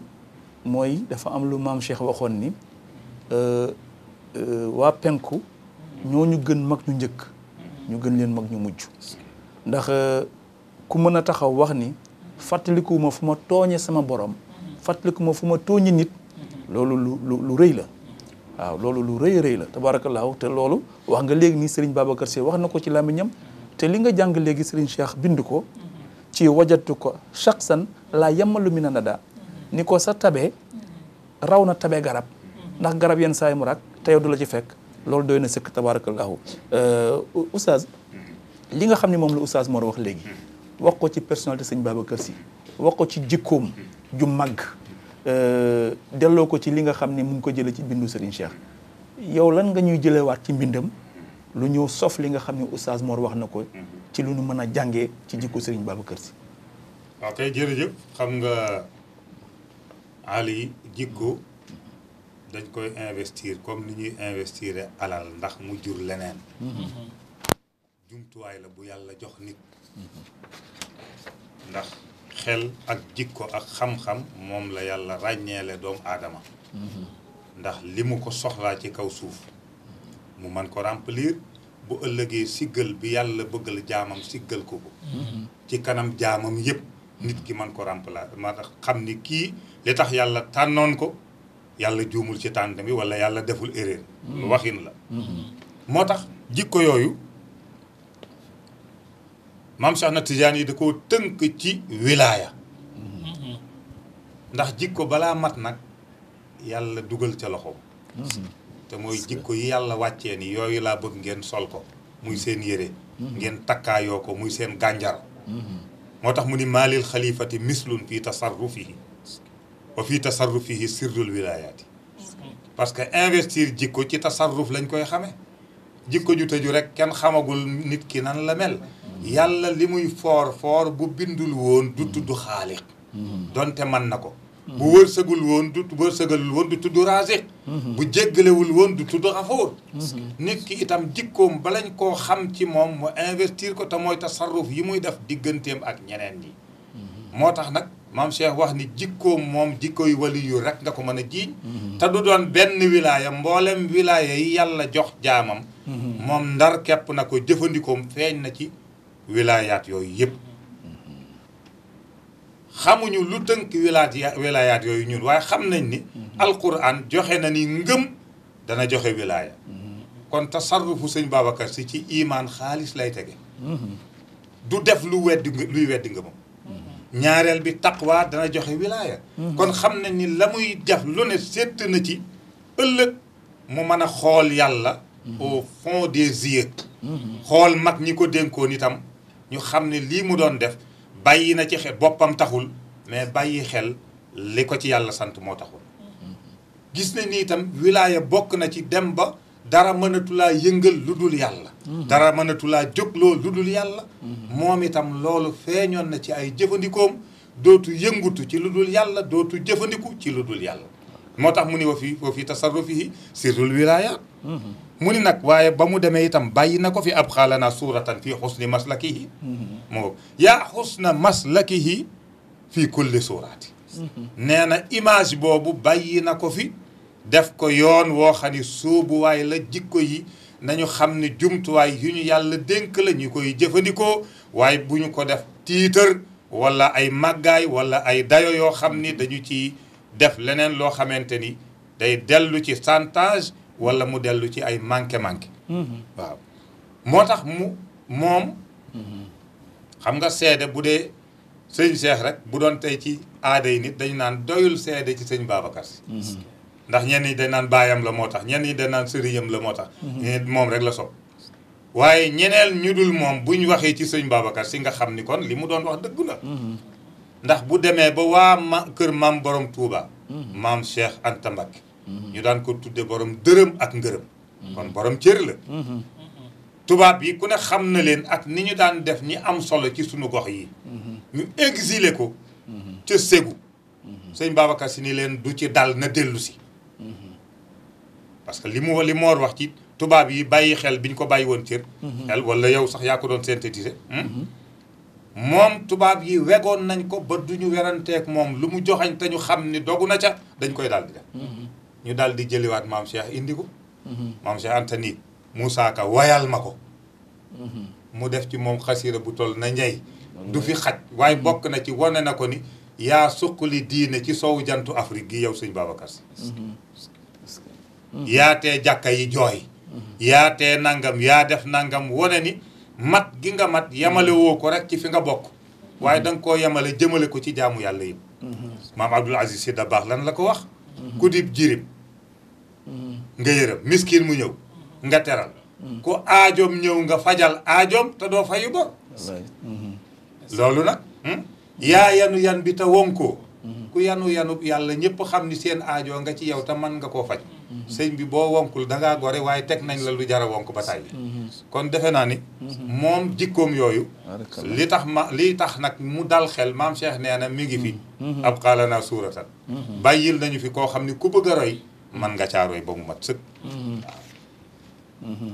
mooy dafa am lu maam Cheikh waxoon ni euh, euh, waa penku ñoo ñu gën mag ñu njëkk ñu gën leen mag ñu mujj ndax ku mën a taxaw wax ni fàttaliku ma fu ma tooñe sama borom fàttaliku ma fu ma tooñe nit loolu lu lu lu rëy la waaw loolu lu rëy rëy la tabaarakallaahu te loolu wax nga léegi nii Serigne Babacar Sy wax na ko ci làmmiñam te li nga jàng léegi Serigne Cheikh bind ko ci wajatu ko chaque san laa yammalu mi na nada ni ko sa tabe raw na tabe garab ndax garab yenn saa mu rak te yow du la ci fekk loolu doy na sëkk tabarakallahu euh, oustaz li nga xam ne moom la oustaz Mor wax léegi wax ko ci personnalité sëñ kër si wax ko ci jikkoom ju màgg euh, delloo ko ci li nga xam ni mu ngi ko jëlee ci bindu Serigne Cheikh yow lan nga ñuy waat ci mbindam lu ñëw sof li nga xam ne oustaz Mor wax na ko ci lu ñu mën a jàngee ci jikko Serigne Babacar Sy waa kay jërëjëf xam nga Ali jikko dañ koy investir comme ni ñuy investir alal ndax mu jur leneen jumtuwaay la bu yàlla jox nit ndax xel ak jig ko ak xam-xam moom la yàlla ràññeele doomu aadama ndax li mu ko soxlaa ci kaw suuf mu man ko remplir bu ëllëgee siggal bi yàlla bëggal jaamam siggal ko ko ci kanam jaamam yépp nit ki man ko remplacer maa tax xam ni kii li tax yàlla tànnoon ko yàlla juumul ci tànn bi wala yàlla deful erreur. lu mm-hmm. waxin la. Mm-hmm. moo tax jikko yooyu maam Cheikh Tijaan yi da koo tënk ci wilaaya. Mm-hmm. ndax ko balaa mat nag yàlla dugal ca loxo te mooy jikko yi yàlla wàccee ni yooyu laa bëgg ngeen sol ko muy seen yére. ngeen takkaayoo ko muy seen gànjar moo tax mu ni maalil xalifati mislun fii tasarrufihi wa fii tasarrufihi sirrul wilayaati parce que investir jikko ci tasarruf lañ koy xame jikko ju tëju rek kenn xamagul nit ki nan la mel yàlla li muy foor foor bu bindul woon du tudd xaaliq mm-hmm. donte man na ko bu wërsëgul woon du wërsëgalul woon du tudd bu jéggalewul woon du tudd xafoor nit ki itam jikkoom balañ koo xam ci moom mu investir ko te mooy tasarruf yi muy def digganteem ak ñeneen yi moo tax nag maam Cheikh wax ni jikkoom moom jikkoy waliyu rek nga ko mën a jiiñ te du doon benn wilaaya mboolem wilaaya yi yàlla jox jaamam moom ndar kepp na ko jëfandikoom feeñ na ci wilaayaat yooyu yëpp xamuñu lu tënk wilaat ya wilayaat yooyu ñun waaye xam nañ ni mhm. alquran joxe na ni ngëm dana joxe wilaaya mhm. kon tasarrufu sëñ Babacar si ci imaan xaalis lay tege mhm. du def lu weddi luy weddi ngëmam ñaareel bi taqwa dana joxe wilaaya kon xam nañ ni la muy def lu ne sétt na ci ëllëg mu mën a xool yàlla au fond des yeux xool mag ñi ko dénkoon itam ñu xam ne lii mu doon def bàyyi na ci xel boppam taxul mais bàyyi xel li ko ci yàlla sant moo taxul gis na ni itam wilaaya bokk na ci dem ba dara mënatulaa yëngal lu dul yàlla mhm. dara mënatulaa jógloo lu dul yàlla mhm. moom itam loolu feeñoon na ci ay jëfandikoom dootu yëngutu ci lu dul yàlla dootu jëfandiku ci lu dul yàlla moo tax mu ni wa fi wa fi tasarrufihi sirrul wilaayaat mhm. mu ni nag waaye ba mu demee itam bàyyi na ko fi ab xaalana suuratan fii xusni maslakihi mm-hmm. moo yaa xusna maslakihi fii kulli suuraati mm-hmm. nee na image boobu bàyyi na ko fi def ko yoon woo xam ni sóobuwaay la jikko yi nañu xam ne jumtuwaay yu ñu yàlla dénk lañu koy jëfandikoo waaye bu ñu ko def tiitër wala ay màggaay wala ay dayo yoo xam ni dañu ci def leneen loo xamante ni day dellu ci chantage wala mu dellu ci ay manqué-manqué mhm. waaw moo tax mu moom xam nga seede bu dee sëñ Cheikh rek bu doon tey ci aada yi nit dañu naan doyul seede ci sëñ Babacar mhm. ndax ñenn ñi day naan baayam la moo tax ñenn ñi dañ naan sëriñam la moo tax mhm. moom rek la sopp waaye ñeneen ñu dul moom buñ waxee ci sëñ Babacar Si nga xam ni kon li mu doon wax dëgg la ndax bu demee ba waa ma kër maam boroom Touba. maam Cheikh Anta Mbacké ñu daan ko tuddee borom dërëm ak ngërëm kon boroom cër la tubaab yi ku ne xam na leen ak ni ñu daan def ñi am solo ci suñu gox yi ñu exilé ko ca Ségou sëñ Babacar si ni leen du ci dal na dellu si parce que li mu li moor wax ci tubaab yi bàyyi xel bi ñu ko bàyyi woon cër xel wala yow sax yaa ko doon synthétiser moom tubaab yi wegoon nañ ko ba duñu weranteeg moom lu mu joxañ te ñu xam ni dogu na ca dañ koy daal def ñu daal di jëliwaat maam Cheikh indi ko. Mhm. maam Cheikh Anta ni wayal ma ko. Mhm. mu def ci moom xasira bu toll na njey du fi xaj waaye mhm. bokk na ci wane na ko ni yaa suqali diine ci sowu jantu Afrique gi yow sëñ Babacar Si. yaatee jàkka yi jooy. yaatee nangam yaa def nangam wone ni mat gi nga mat yamale woo ko rek ci fi nga bokk. waaye danga nga koo yamale jëmale ko ci jaamu yàlla yëpp. maam Abdoul Aziz Si baax lan la ko wax. ku dib jirim nga yërëm miskin mu ñëw nga teral ku aajoom ñëw nga fajal aajoom te doo fayu bor mhm. loolu nag hmm? yaa yanu yan bi te wonkoo ku yanu yanu yàlla ñëpp xam ni seen aajoo nga ci yow te man nga koo faj mhm. sëñ bi boo wonkul dangaa gore waaye teg nañ la lu jara wonk ba tàyyi mhm. kon defe naa ni moom jikkoom yooyu li tax ma li tax nag mu dal xel maam Cheikh nee na mi ngi fi ab xaala naa bàyyil nañu fi koo xam ni ku bëgg a roy man nga caa roy ba mu mat sëkk. Mm-hmm. Mm-hmm.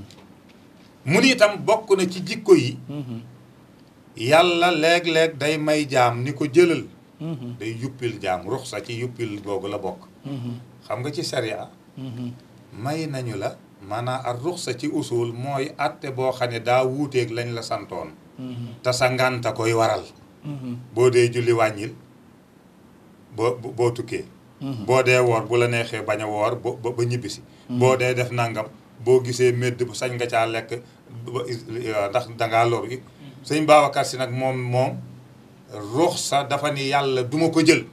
mu ni itam bokk na ci jikko yi. Mm-hmm. yàlla léeg-léeg day may jaam ni ko jëlal. day yuppil jaam ruxsa ci yuppil googu la bokk. xam nga ci sariya. may nañu la maanaam ak rux sa ci usul mooy àtte boo xam ne daa wuuteeg lañ la santoon. te sa ngànta koy waral. boo dee julli wàññil boo boo tukkee. boo dee woor bu la neexee bañ a woor ba ba ñibbisi hmm. boo dee def nangam boo gisee médd bu sañ nga caa lekk euh, ndax dangaa loru yi hmm. sëñ Babacar si nag moom moom ruux sa dafa ni yàlla duma ko jël hmm.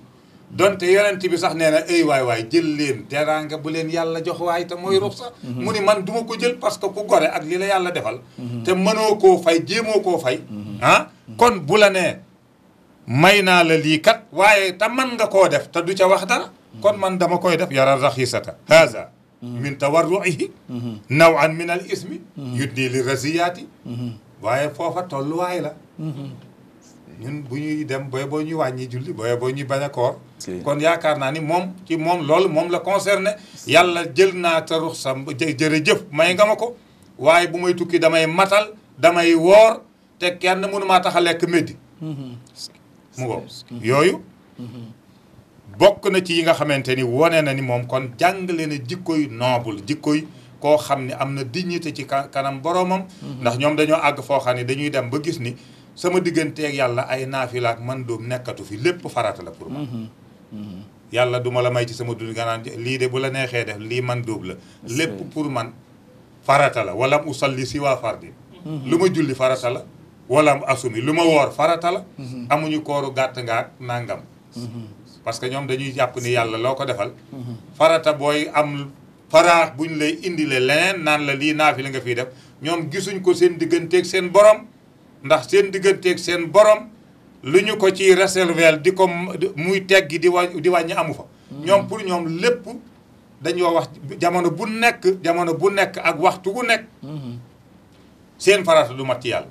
donte yonent bi sax nee na ay waay waay jël leen teraanga bu leen yàlla jox waay te mooy ruux sa mu ni man duma ko jël parce que ku gore ak li la yàlla defal te mënoo koo fay jéemoo koo fay ah kon bu la nee may naa la lii kat waaye te man nga koo def te du ca wax dara kon man dama koy def yara raxiisata haza min tawarruihi naw an min al ismi yudni li raziyaati waaye foofa tolluwaay la ñun bu ñuy dem booy boo ñuy wàññi julli booy boo ñuy bañ a koor kon yaakaar naa ni moom ci moom loolu moom la concerné yàlla jël naa ta rux sam jërëjëf may nga ma ko waaye bu may tukki damay matal damay woor te kenn mënuma maa tax a lekk méddi mm-hmm. mu ngoog yooyu mm-hmm. bokk na ci yi nga xamante ni wone na ni moom kon jàngale na jikkoy noble jikkoy koo xam ne am na dignité ci kanam boromam. Mm-hmm. ndax ñoom dañoo àgg foo xam ne dañuy dem ba gis ni sama digganteeg yàlla ay naafilaak man doom nekkatu fi lépp farata la pour mm-hmm. ma yàlla duma la may ci sama dund nga naan lii de bu la neexee def lii man dóob la lépp pour man farata la wala mu usalli si waa fardi lu ma julli farata la wala mu asumi lu ma woor farata la. Mhm. amuñu kooru gàtt ngaak nàngam mhm. parce que ñoom dañuy jàpp ni yàlla loo ko defal. Mhm. farata booy am faraax buñ lay indile leneen naan la lii naafi la nga fiy def ñoom gisuñ ko seen digganteeg seen borom ndax seen digganteeg seen borom lu ñu ko ci réserver di ko muy teggi di wàññi di wàññi amu fa. ñoom pour ñoom lépp dañoo wax jamono bu nekk jamono bu nekk ak waxtu gu nekk. seen farata du mat yàlla.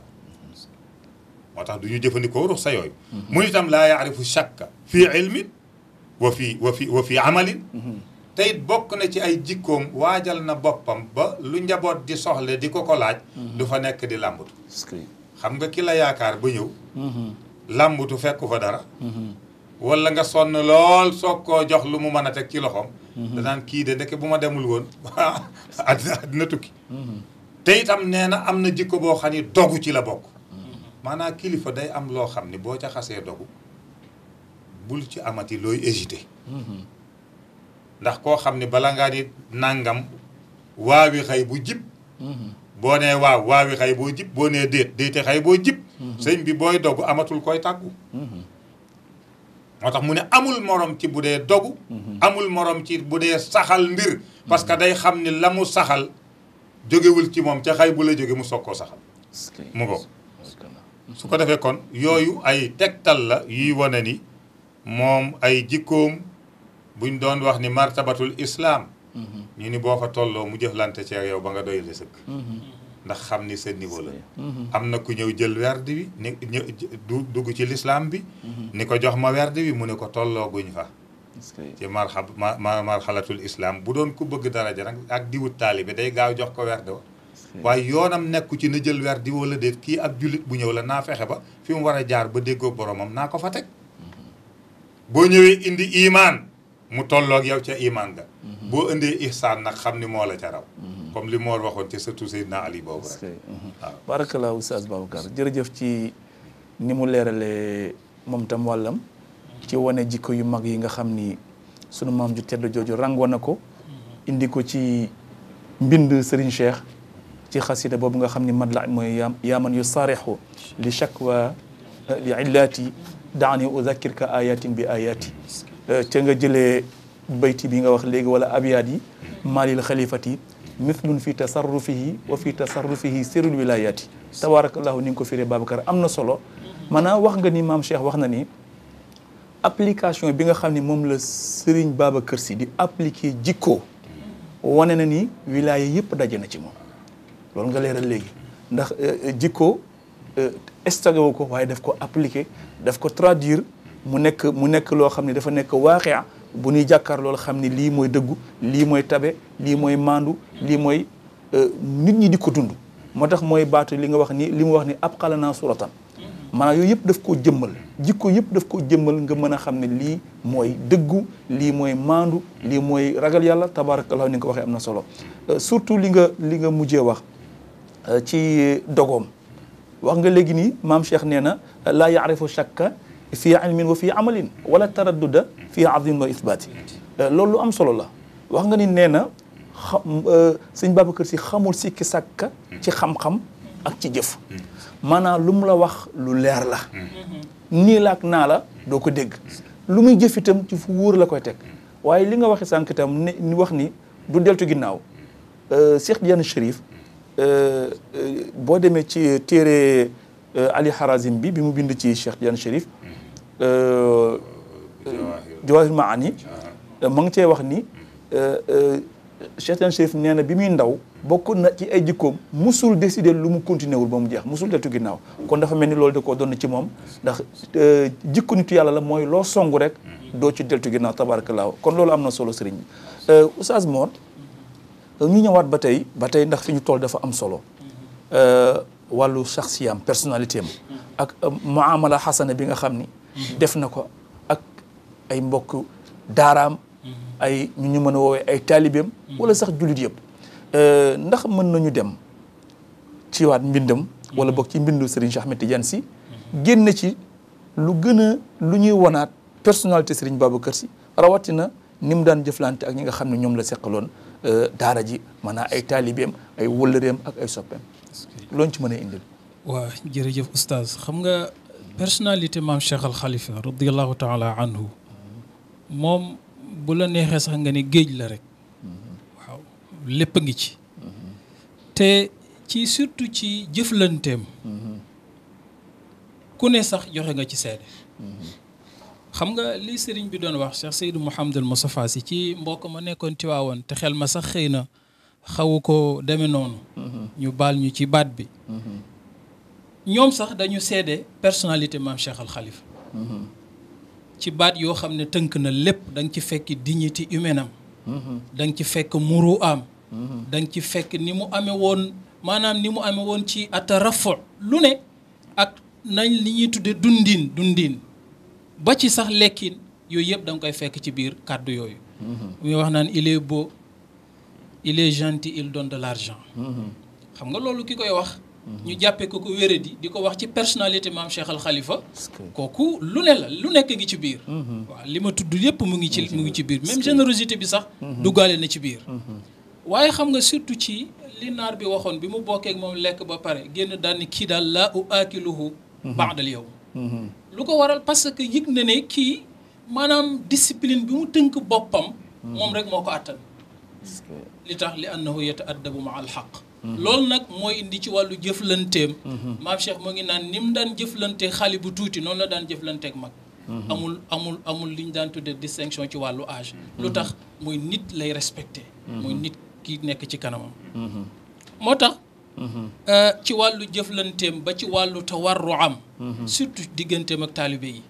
moo tax du ñu jëfandikoo ruux sa yooyu mu itam laa yaarifu shakka fii ilmin wa fi wa fii wa fii amalin te bokk na ci ay jikkoom waajal na boppam ba lu njaboot di soxle di ko ko laaj du fa nekk di làmbatu xam nga ki yaakaar ba ñëw mhm. làmbatu fekku fa dara mhm. wala nga sonn lool soog koo jox lu mu mën a teg ci loxoom mhm. danaan kii de ndeke bu ma demul woon addina addina tukki te itam nee na am na jikko boo xam ni dogu ci la bokk maanaam kilifa day am loo xam ni boo ca xasee dogu bul ci amati looy hésité mhm. ndax koo xam ni bala ngaa di nàngam waawi xëy bu jib mhm. boo nee waaw waawi xay boo jib boo nee déet déete xay boo jib mhm. sëñ bi booy dogu amatul koy tàggu moo tax mu ne amul morom ci bu dee dogu amul moroom ci bu dee saxal mbir parce que day xam ni la mu saxal jógewul ci moom ca xay bu la jóge mu soog koo saxal mu bokk su ko defee kon yooyu ay tegtal la yuy wane ni moom ay jikkoom buñ doon wax ni martabatul islaam mhm. ñu ni boo fa tolloo mu jëflante ceeg yow ba nga doy la sëkk mhm. ndax xam ni sa niveau mhm. am na ku ñëw jël werd bi ni du dugg ci lislaam bi ni ko jox ma werd bi mu ne ko tolloo guñ fa ci marxab ma marxalatul islaam bu doon ku bëgg daraja nag ak di wut taalibe day gaaw jox ko werd waaye yoonam nekku ci na jël weer di wala déet kii ak jullit bu ñëw la naa fexe ba fi mu war a jaar ba déggoo boromam naa ko fa teg mm-hmm. boo ñëwee indi imaan mu tolloog yow ca imaan ga mm-hmm. boo indee ihsaan nag xam ni moo la ca raw mm-hmm. comme li Mor waxoon ci surtout Seydina Ali boobu rek waaw barakallah jërëjëf ci ni mu leeralee moom tam wàllam ci wane jikko yu mag yi nga xam ni sunu maam ju tedd jooju ràngoo na ko indi ko ci mbind Serigne Cheikh ci xasida boobu nga xam ni man la mooy yaaman yu saarixu li shakwa li illaati daani uzakirka ayatin bi ayati ca nga jële bayti bi nga wax léegi wala abiyaat yi maalil xalifati mithlun fi tasarrufihi wa fi tasarrufihi sirul wilayati tabarakallahu ni nga ko firee Babacar am na solo maanaam wax nga ni maam Cheikh wax na ni application bi nga xam ni moom la Serigne Babacar si di appliquer jikko wane na ni wilaya yëpp daje na ci moom loolu nga leeral léegi ndax euh, euh, jikko euh, stocké wu ko waaye daf ko appliquer daf ko traduire mu nekk mu nekk loo xam ne dafa nekk waaqia bu ñuy jàkkaar xam ne lii mooy dëggu lii mooy tabe lii mooy maandu lii mooy nit ñi di ko dund moo tax mooy baatu li nga wax ni li mu wax ni ab xalanaa suratan maanaam yooyu yëpp daf koo jëmmal jikko yëpp daf koo jëmmal nga mën a xam ne lii mooy dëggu lii mooy maandu lii mooy ragal yàlla tabaarakallah ni ko waxee am na solo surtout li nga li nga mujjee wax Euh, ci dogoom wax nga léegi nii maam Cheikh nee na laa yaarifu shakka fii ilmin wa fii amalin wala taradduda fii azmin wa isbaati euh, loolu lu am solo la wax nga ni nee na xam sëñ kër si xamul sikki sàkka ci xam-xam ak ci jëf maanaa lu mu la wax lu leer la nii la ak naa la doo ko dégg lu muy jëf itam ci fu wóor la koy teg waaye li nga waxi sànq itam ni wax ni du deltu ginnaaw euh, Cheikh Diagne Chérif Euh, euh, boo demee ci téere euh, Ali Harazim bi bi mu bind ci Cheikh Tidiane Chérif mhm. Jawahir Maani mu ngi cee wax ni mhm. Cheikh Tidiane Chérif nee na bi muy ndaw bokk na ci ay jikkoom musul décider lu mu continuer wul ba mu jeex musul deltu ginnaaw kon dafa mel ni loolu da koo doon ci moom ndax jikko nitu yàlla la mooy loo songu rek mhm. doo ci deltu ginnaaw tabarakallaahu kon loolu am na solo sëriñ bi Oustaz Mor ñu ñëwaat ba tey ba tey ndax fi ñu toll dafa am solo euh, wàllu shaxsiyam personnalité am ak euh, muamala xasana bi nga xam ni def na ko ak ay mbokk daaraam ay ñu ñu mën a woowee ay taalibeem wala sax jullit yëpp euh, ndax mën nañu dem ci waat mbindam wala bokk ci mbindu Serigne Cheikh Ahmed Tidiane si génn ci lu gën a lu ñuy wonaat personnalité Serigne Babacar Sy rawatina ni mu daan jëflante ak ñi nga xam ne ñoom la seqaloon Euh, daara ji maanaam ay taalibeem ay wëllëreem ak ay soppeem looñ ci mën a indil waaw jërëjëf oustaz xam nga personnalité maam Cheikh Al Khalifa radiallahu taala anhu moom bu la neexee sax nga ne géej la rek waaw lépp a ngi ci te ci surtout ci jëflanteem ku ne sax joxe nga ci seede xam nga li sëriñ bi doon wax Cheikh Seydou Mouhamadul Moustapha si ci mbokk ma nekkoon Tiwaawoon te xel ma sax xëy na xawu ko demee noonu. Mm-hmm. ñu baal ñu ci baat bi. Mm-hmm. ñoom sax dañu seede personnalité maam Cheikh Al mm-hmm. ci baat yoo xam ne tënk na lépp danga nga ci fekk dignité humaine am. da nga ci fekk muru am. danga nga ci fekk ni mu amee woon maanaam ni mu amee woon ci atarafo lu ne ak nañ li ñuy tuddee dundin dundiin ba ci sax lekkin yooyu yëpp da koy fekk ci biir kàddu yooyu. Mm-hmm. muy wax naan il est beau il est gentil il donne de l'argent. Mm-hmm. xam nga loolu ki koy wax. Mm-hmm. ñu jàppee ko ko wéradi di ko wax ci personnalité maam Cheikh Al kooku lu ne la lu nekk ngi ci biir. waaw li ma tudd yépp mu ngi ci mu ngi ci biir même générosité bi sax. duggaale na ci biir. waaye xam nga surtout ci li naar bi waxoon bi mu bokkeek moom lekk ba pare génn daal kii daal laa u baax dal yow lu ko waral parce que yëg na ne kii maanaam discipline bi mu tënk boppam. Hmm. moom rek moo ko attan. li tax li na annahu yataaddabu ma alxaq. Hmm. loolu nag mooy indi ci wàllu jëflanteem. Hmm. maam Cheikh moo ngi naan ni mu daan jëflantee xale bu tuuti noonu la daan jëflanteeg mag. amul amul amul li ñu daan tuddee distinction ci wàllu âge. lu tax mooy nit lay respecté. mooy nit ki nekk ci kanamam. moo tax. ci wàllu jëflanteem ba ci wàllu tawarru am surtout digganteem ak taalibe yi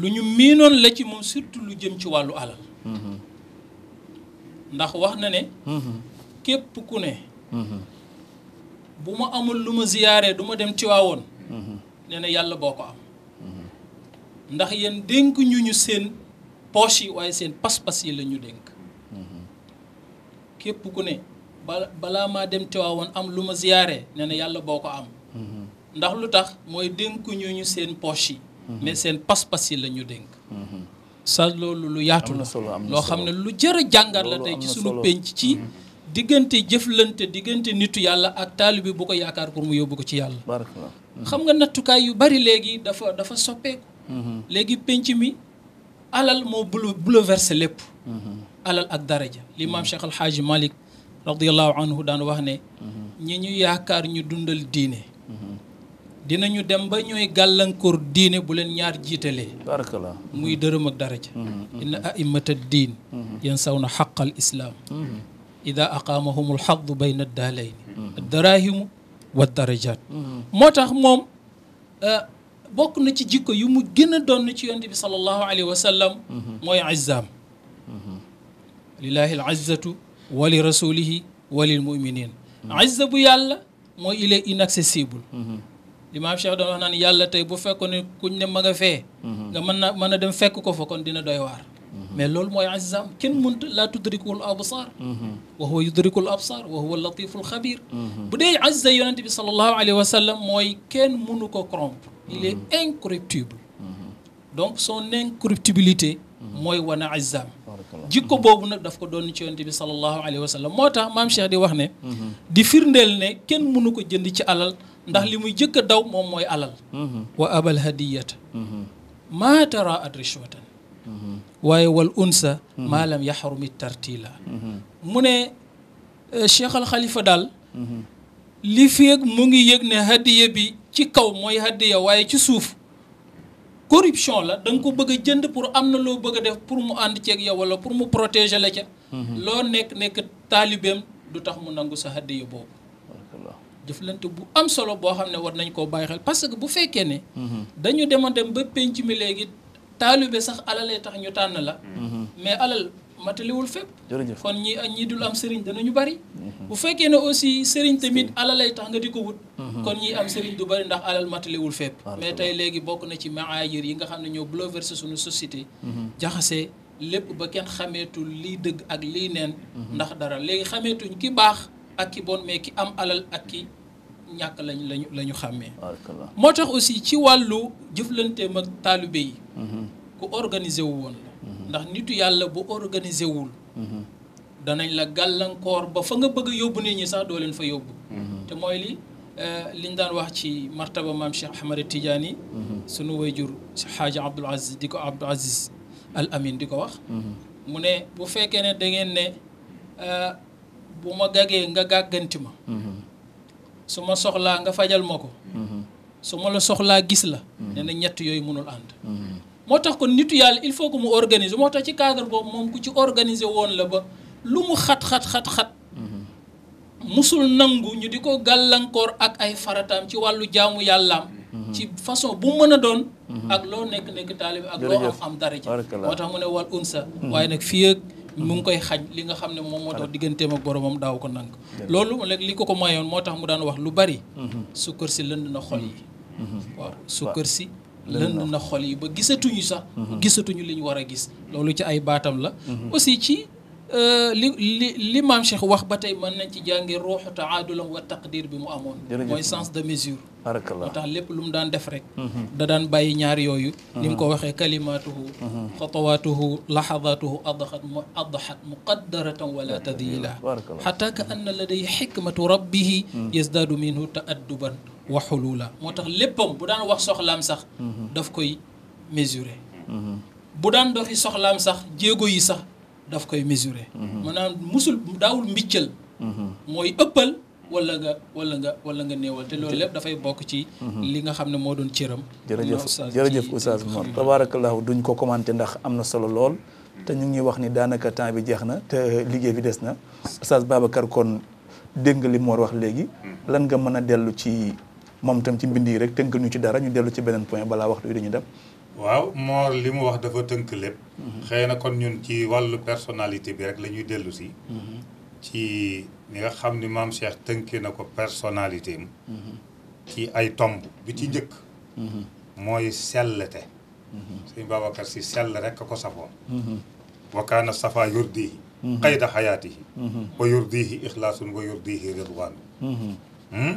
lu ñu miinoon la ci moom surtout lu jëm ci wàllu alal ndax wax na ne képp ku ne bu ma amul lu ma ziyaaree du ma dem Tiwaawoon ne na yàlla boo ko am ndax yéen dénk ñu ñu seen poche yi waaye seen pas-pas yi lañu ñu képp ku ne bala balaa maa dem Tiwaawoon am lu ma ziyaare nee na yàlla boo ko am mhm. ndax lu tax mooy dénkuñu ñu seen poche yi mhm. mais seen pas-pas yi lañu ñu sa mhm. loolu lu yaatu la loo xam ne lu jër a jàngat la tey ci suñu penc ci diggante jëflante diggante nitu yàlla ak taalibi bu ko yaakaar ko mu yóbbu ko ci yàlla xam nga nattukaay yu bari léegi dafa dafa soppeeku léegi penc mi alal moo bouleversé lépp alal ak daraja li maam Cheikh Alxaaji Malick radiallahu anhu daan wax ne mhm. ñu yaakaar ñu dundal diine mhm. dinañu dem ba ñooy gàllankoor diine bu leen ñaar jiitalee barakallah muy mhm. dërëm ak daraja inna aimata diin yan saw na xaqal islaam ida aqaamahum alxadu bayna daalayn wa darajat moo tax moom euh, bokk na ci jikko yu mu gën a ci yonent bi sallallahu alayhi wa mooy izzaam lillahi al wali rasulihi walil muminin izza bu yàlla mooy il est inaccessible mhm. limaam Cheikh doon wax naan yàlla tey bu fekkoon ne kuñ ne ma nga fee mhm. nga mën na mën a dem fekk ko fa kon dina doy waar mhm. mais loolu mooy azam kenn mënta laa tudrikul absar wa huwa yudrikul absar wa huwa latiful xabir bu dee azza yonente bi mooy kenn mënu ko corrompre il incorruptible mooy wane izzaam jikko boobu nag daf ko doon ci yonent bi sallallahu alayhi wa sallam moo tax maam Cheikh di wax ne di firndeel ne kenn mënu ko jënd ci alal ndax li mu jëkk a daw moom mooy alal mhm. wa abal hadiyata maa mhm. taraat rishwatan mhm. waaye wal unsa maa lam yaxrumi tartila mu ne e, cheikh al xalifa daal li feeg mu ngi yëg ne hadiya bi ci kaw mooy hadiya waaye ci suuf corruption la da ko bëgg a jënd pour am na loo bëgg def pour mu ànd ceeg yow wala pour mu protéger la ca mhm. loo nekk nekk taalibeem du tax mu nangu sa hadiya boobu jëflante bu am solo boo xam ne war nañ koo bàyyi xel parce que bu fekkee ne mhm. dañu dema dem ba penc mi léegi taalibe sax alal lay tax ñu tànn la mhm. mais alal mataliwul fépp kon ñi ak ñi dul am sëriñ ñu bari mhm. bu fekkee ne aussi sëriñ tamit alal lay tax nga di ko wut mhm. kon ñi am sëriñ du bari ndax alal mataliwul fépp mais tey léegi bokk na ci maayir yi nga xam ne ñoo bouleversé suñu société mhm. jaxase lépp ba kenn xameetul li dëgg ak li neen ndax dara léegi xameetuñ ki baax ak ki bon mais ki am alal ak ki ñàkk lañ lañu la ñu xàmmee moo tax aussi ci wàllu jëflanteem ak taalibe yi ku organisé wu woon ndax nitu yàlla bu organisé wul. danañ la gàllankoor ba fa nga bëgg a yóbbu nit ñi sax doo leen fa yóbbu. Mhm. te mooy li euh, liñ daan wax ci martaba maam Cheikh Ahmed Tidiane. Mhm. sunu wayjur si xaaji Abdul di ko Abdul Aziz Al Amin di ko wax. Mhm. mu ne bu fekkee ne dangeen ne euh, bu ma gàggee nga gàgganti ma. su ma soxlaa nga fajal ma ko. su ma la soxlaa gis la. nee na ñett yooyu mënul ànd. moo tax kon nitu yàlla il faut que mu organiser moo tax ci cadre boobu moom ku ci organiser woon la ba lu mu xat-xat xat-xat musul nangu ñu di ko gàllankoor ak ay farataam ci wàllu jaamu yàllaam ci façon bu mën a doon ak loo nekk nekk taalibi ak loo am am dara ci moo tax mu ne wal unsa mm-hmm. waaye nag fii ak mu ngi koy xaj li nga xam ne moom moo tax digganteem ak boromam daaw ko nangu loolu léeg li ko ko mayoon moo tax mu daan wax lu bari mm-hmm. sukkër si lënd na xol yi mm-hmm. si lënd na xol yi ba gisatuñu sax mhm. gisatuñu li ñu war a gis loolu ci ay baatam la mhm. aussi ci euh, li li li maam wax ba tey mën nañ ci jàngi ruuxu taadulam wa taqdir bi mu amoon mooy sens de mesure moo tax lépp lu mu daan def rek mhm. da daan bàyyi ñaar yooyu ni mu ko waxee kalimaatuhu xatawaatuhu lahadaatuhu adxat mu adxat muqaddaratan wala tadila xata ka anna laday xikmatu rabbihi yasdaadu minhu taadduban wa xulula moo tax léppam bu daan wax soxlaam sax daf koy mesurer bu daan doxi soxlaam sax jéego yi sax daf koy mesurer maanaam mosul daawul mbiccal mooy ëppal wala nga wala nga wala nga néewal te loolu lépp dafay bokk ci li nga xam ne moo doon cëram jërëjëf jërëjëf oustaz Mor tabarakallahu duñ ko commenté ndax am na solo lool te ñu ngi wax ni daanaka temps bi jeex na te liggéey bi des na oustaz Babacar kon dégg nga li Mor wax léegi lan nga mën a dellu ci moom itam ci mbind yi rek tënkal ñu ci dara ñu dellu ci beneen point balaa waxtu yi dañuy dem. waaw Mor li mu wax dafa tënk lépp. Mhm. xëy na kon ñun ci wàllu personnalité bi rek lañuy ñuy dellu si. Mhm. ci ni nga xam ni maam Cheikh tënkee na ko personnalité am. Mhm. ci ay tomb bi ci njëkk. mooy sellte. sëñ Babacar si sell rek a ko safoon. wakaana safa yurdihi qayda xayaatihi wa yurdihi ixlaasun wa yurdihi ridwaan hmm?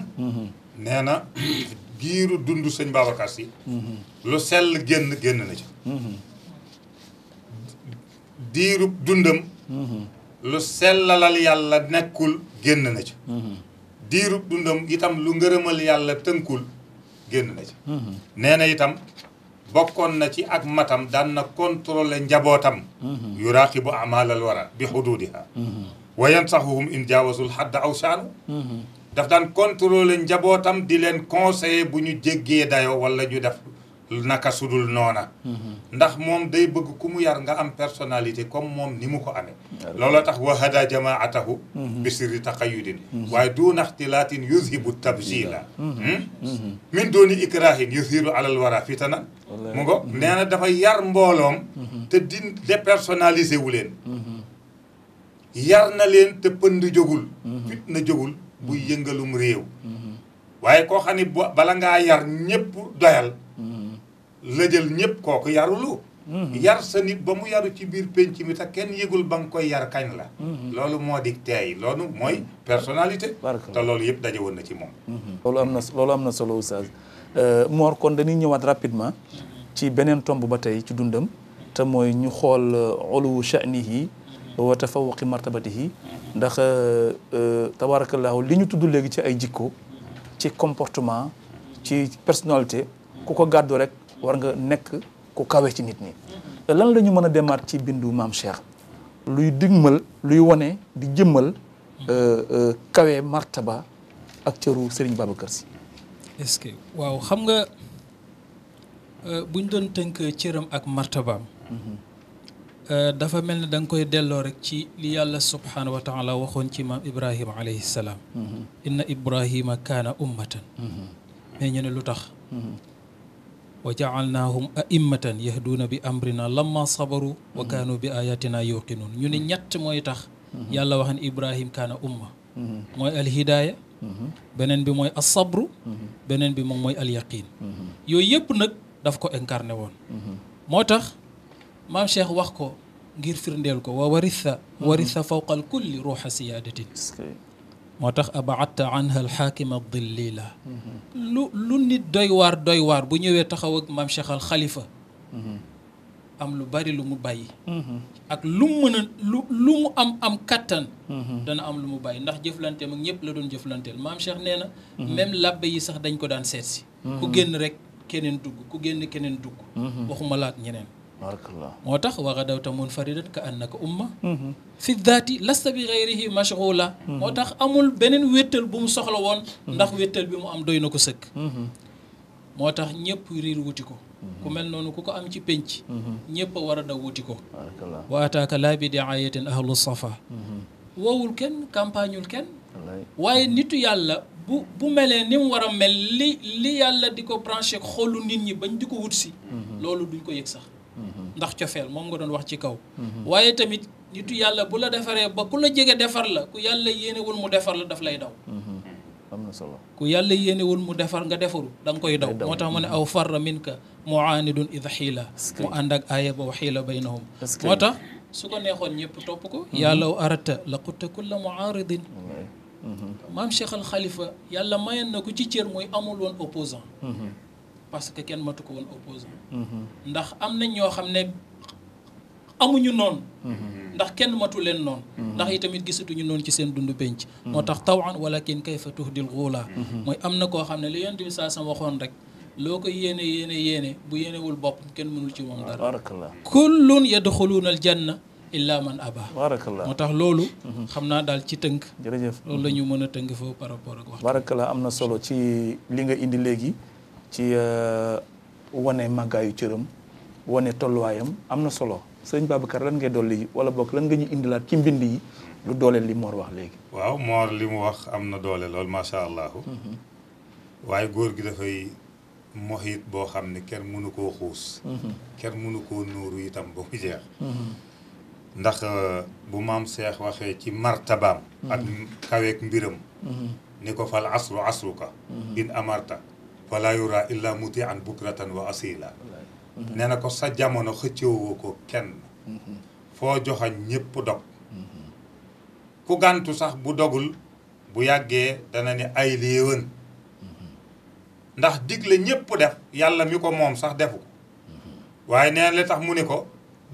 nee na giiru dund sëñ Babacar lu sell génn génn na ci diiru dundam lu sellalal yàlla nekkul génn na ci diiru dundam itam lu ngërëmal yàlla tënkul génn na ci nee itam bokkoon na ci ak matam daan na contrôler njabootam yu raaqibu amalal wara bi xuduudiha wa yansaxuhum in jaawasul xadda aw shaanu daf daan contrôler njabootam di leen conseiller bu ñu jéggee dayo wala ñu def naka sudul noona mhm. ndax moom day bëgg ku mu yar nga am personnalité comme moom ni mu ko amee looloo tax wa hada jamaatahu mhm. bi sirri taqayudin mhm. waaye duuna ixtilaatin yuzhibu tabjila hmm? min duuni ikrahin yuzhiru alal wara fitana mu ngo nee na dafa yar mbooloom te di dépersonnalisé wu leen yar na leen te pënd jógul fit na jógul buy mm-hmm. yëngalum réew mm-hmm. waaye koo xam ne bala ngaa yar ñépp doyal mm-hmm. la jël ñépp kooku yarulu yar sa nit ba mu yaru ci biir penc mi te kenn yëgul ba nga koy yar kañ la loolu moo di teey loolu mooy personnalité te loolu yëpp daje na ci moom loolu am na loolu am na solo oustaz euh, Mor kon dañuy ñëwaat rapidement ci beneen tomb ba tey ci dundam te mooy ñu xool olu euh, yi fa wa tafawuqi martabatihi ndax euh, euh, tabaarakallaahu li ñu tudd léegi ci ay jikko ci comportement ci personnalité ku ko gàddu rek war nga nekk ku kawe ci nit ñi lan la ñu mën a demaat ci bindu maam Cheikh luy dimbal luy wane di jëmmal euh, kawe martaba ak cëru Serigne Babacar Sy est-ce que waaw xam nga buñ doon tënk cëram ak martabaam mhm. Euh, dafa mel ne danga koy delloo rek ci li yàlla subhaanahu wa taala waxoon ci maam Ibrahima alayhi salaam. Mm-hmm. inna Ibrahima kaana ummatan. Mm-hmm. mais ñu ne lu tax. Mm-hmm. wa jacalnaahum a'immatan yahduuna bi amrina lamma sabaru. wa kaanu bi ayatina yuqinuun ñu ne mooy tax. yàlla wax ne Ibrahima kaana umma. mooy alhidaaya. beneen bi mooy asabru. beneen bi moom mooy alyaqiin. yooyu yëpp nag daf ko incarné woon. moo tax. maam Cheikh wax ko ngir firndeel ko wa warisa warisa fawqa al kulli ruuxa siyaadatin moo tax abaatta anha alxaakima dillila mhm. lu lu nit doy waar doy waar bu ñëwee taxaw ak maam Cheikh al xalifa mhm. am lu bari lu mu bàyyi mhm. ak lu mën a lu lu mu am am kattan dana am lu mu bàyyi ndax jëflanteem ak ñëpp la doon jëflanteel maam Cheikh nee na même labbe yi sax dañ ko daan seet si ku génn rek keneen dugg ku génn keneen dugg waxuma laat ñeneen moo tax wa gadawta munfaridan ka annaka umma mhm. fi daati lasta bi gayrihi la mhm. moo tax amul beneen wéttal bu mu soxla woon mhm. ndax wéttal bi mu am doy na ko sëkk moo tax ñëpp riir wuti ko ku mel noonu ku ko am ci pénc ñëpp a war a daw wuti ko wa ataaka laa bi diayatin ahlu safa woowul kenn campagneul kenn waaye nitu yàlla bu bu melee ni mu war a mel li li yàlla di ko branché xoolu nit ñi bañ di ko wut si loolu duñ ko yëg sax ndax cofeel moom nga doon wax ci kaw mhm. waaye tamit nitu yàlla bu la defaree ba ku la jege defar la ku yàlla yéenewul mu defar la daf lay daw mhm. am na solo ku yàlla yéenewul mu defar nga defaru da nga koy daw moo tax ma ne mhm. aw farra minka muaanidun id xiila mu ànd ak aaya ba wa xiila baynahum moo tax su ko neexoon ñëpp topp ko yàlla aw arata la qutta kulla muaaridin maam Cheikh xalifa yàlla mayoon na ko ci cër mooy amul woon opposant parce que kenn matu ko woon opposant mhm. ndax am na ñoo xam ne amuñu noonu mhm. ndax kenn matu leen noon mhm. ndax itamit gisatuñu noonu ci seen dundu penc moo tax tawan wala kenn kay fa tuux dil xuulaa mooy am na koo xam ne li yonent waxoon rek loo ko yéene yéene yéene bu yéenewul bopp kenn mënul ci moom dara kullun yadxuluuna al janna illa man aba moo tax loolu xam naa daal ci tënk jërëjëf loolu la ñu mën a tënk foofu par rapport ak wax barakallah am na solo ci li nga indi léegi ci euh, wane màggaayu cëram wane tolluwaayam am na solo sëñ Babacar lan ngay dolli wala bokk lan nga ñu indilaat ci mbind yi lu dooleel li Mor wax léegi. waaw Mor li mu wax am na doole lool macha allah. Mhm. waaye góor gi dafay moxit boo xam ni kenn mënu koo xuus. Mhm. kenn mënu koo nuuru itam ba mu jeex. Mhm. ndax euh, bu maam Cheikh waxee ci martabaam. ak kaweeg mbiram. ni ko fal asru asruka. in amarta. wala yura illa muti an bukratan wa asila nee na ko sa jamono xëccewoo ko kenn foo joxañ ñépp dog ku gàntu sax bu dogul bu yàggee dana ne ay léewën ndax digle ñépp def yàlla mi ko moom sax defu waaye nee la tax mu ni ko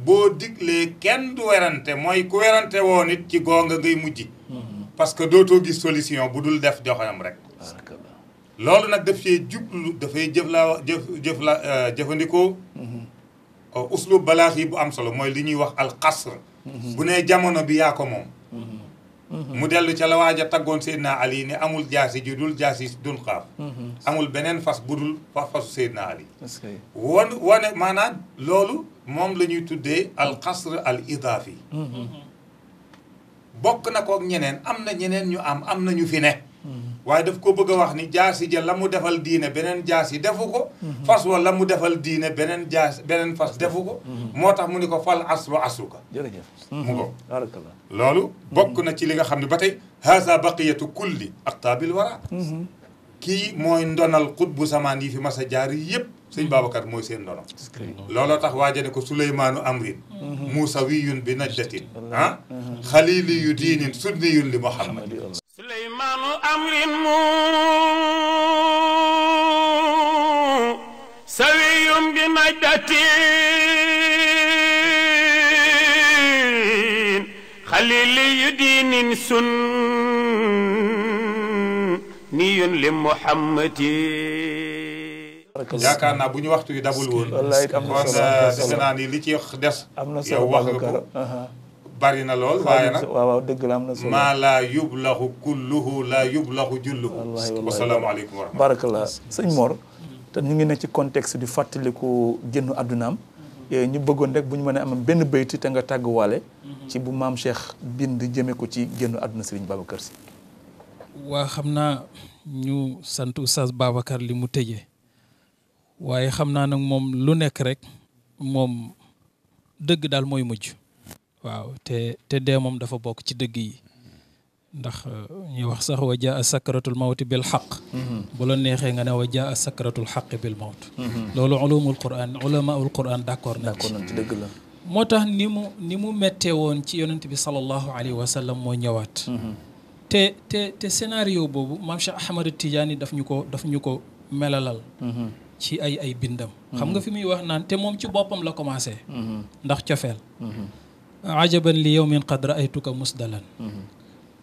boo diglee kenn du werante mooy ku werante woon it ci goonga ngay mujj mhm. parce que dootoo gis solution bu dul def joxeem rek loolu nag daf cee jublu dafay jëf la jëf jëf la jëfandikoo mm-hmm. euh, uslub balaax yi bu am solo mooy li ñuy wax alxasr mm-hmm. bu ne jamono bi yaa ko moom mm-hmm. mu dellu ca la waaja taggoon Seydina Ali ne amul jaasi ju dul jaasi dun xaaf amul beneen fas bu dul fas fasu Seydina Ali wan wane maanaam loolu moom la ñuy tuddee alxasr al idaafi bokk na ko ñeneen am na ñeneen ñu am am na ñu fi ne waaye daf ko bëgg a wax ni jaasi ja la mu defal diine beneen jaasi defu ko mhm. fas wa la mu defal diine beneen jaas beneen fas defu ko mhm. moo tax mu ni ko fal as wa asuka jërëjëf mu ngo mhm. loolu bokk na ci li nga xam ne ba tey haasa baqiyatu kulli aqtaabil wara kii mooy ndonal xutbu samaan yi fi mas a jaar yëpp sëñ Babacar mooy seen ndono looloo tax waaja ne ko suleymaanu amrin muusawiyun bi najdatin ah xaliili yu diinin sunniyun li muhammad شان أمر مو سوي بنجدة خليلي دين سني لمحمد yaakaar naa bu ñu waxtu yu dabul woon. wallaay am na solo kon defe naa ni li ci des. am na solo yow wax nga ko. bari na lool waaye nag waaw waaw dëgg la am na solo maa laa yublaxu kulluhu laa yublaxu julluhu wasalaamaaleykum wa rahmatulah barakallah sëñ Mor te ñu ngi ne ci contexte du fàttaliku génnu àddunaam eh, ñu bëggoon rek bu ñu mënee am benn bayti te nga tàgguwaale ci bu maam Cheikh bind jëme ko ci génnu àdduna Serigne Babacar Sy waa xam naa ñu sant Oustaz Babacar li mu tëjee waaye xam naa nag moom lu nekk rek moom dëgg daal mooy mujj waaw te te dee moom dafa bokk ci dëgg yi ndax euh, ñuy wax sax wa jaa sakratul mawti bil xaq mm-hmm. bu la neexee nga ne wa jaa sakratul xaq bil mawt mm-hmm. loolu ulumul quran ulamaul quran d'accord nañ ci dëgg la moo tax ni mu ni mu mettee woon ci yonent bi sallallahu alayhi wa sallam moo ñëwaat mm-hmm. te te te scénario boobu maam Cheikh Ahmad Tidiane daf ñu ko daf ko melalal ci ay ay bindam xam nga fi muy wax naan te moom ci boppam la commencé ndax cofeel ajaban li yawmin qad raaytuka musdalan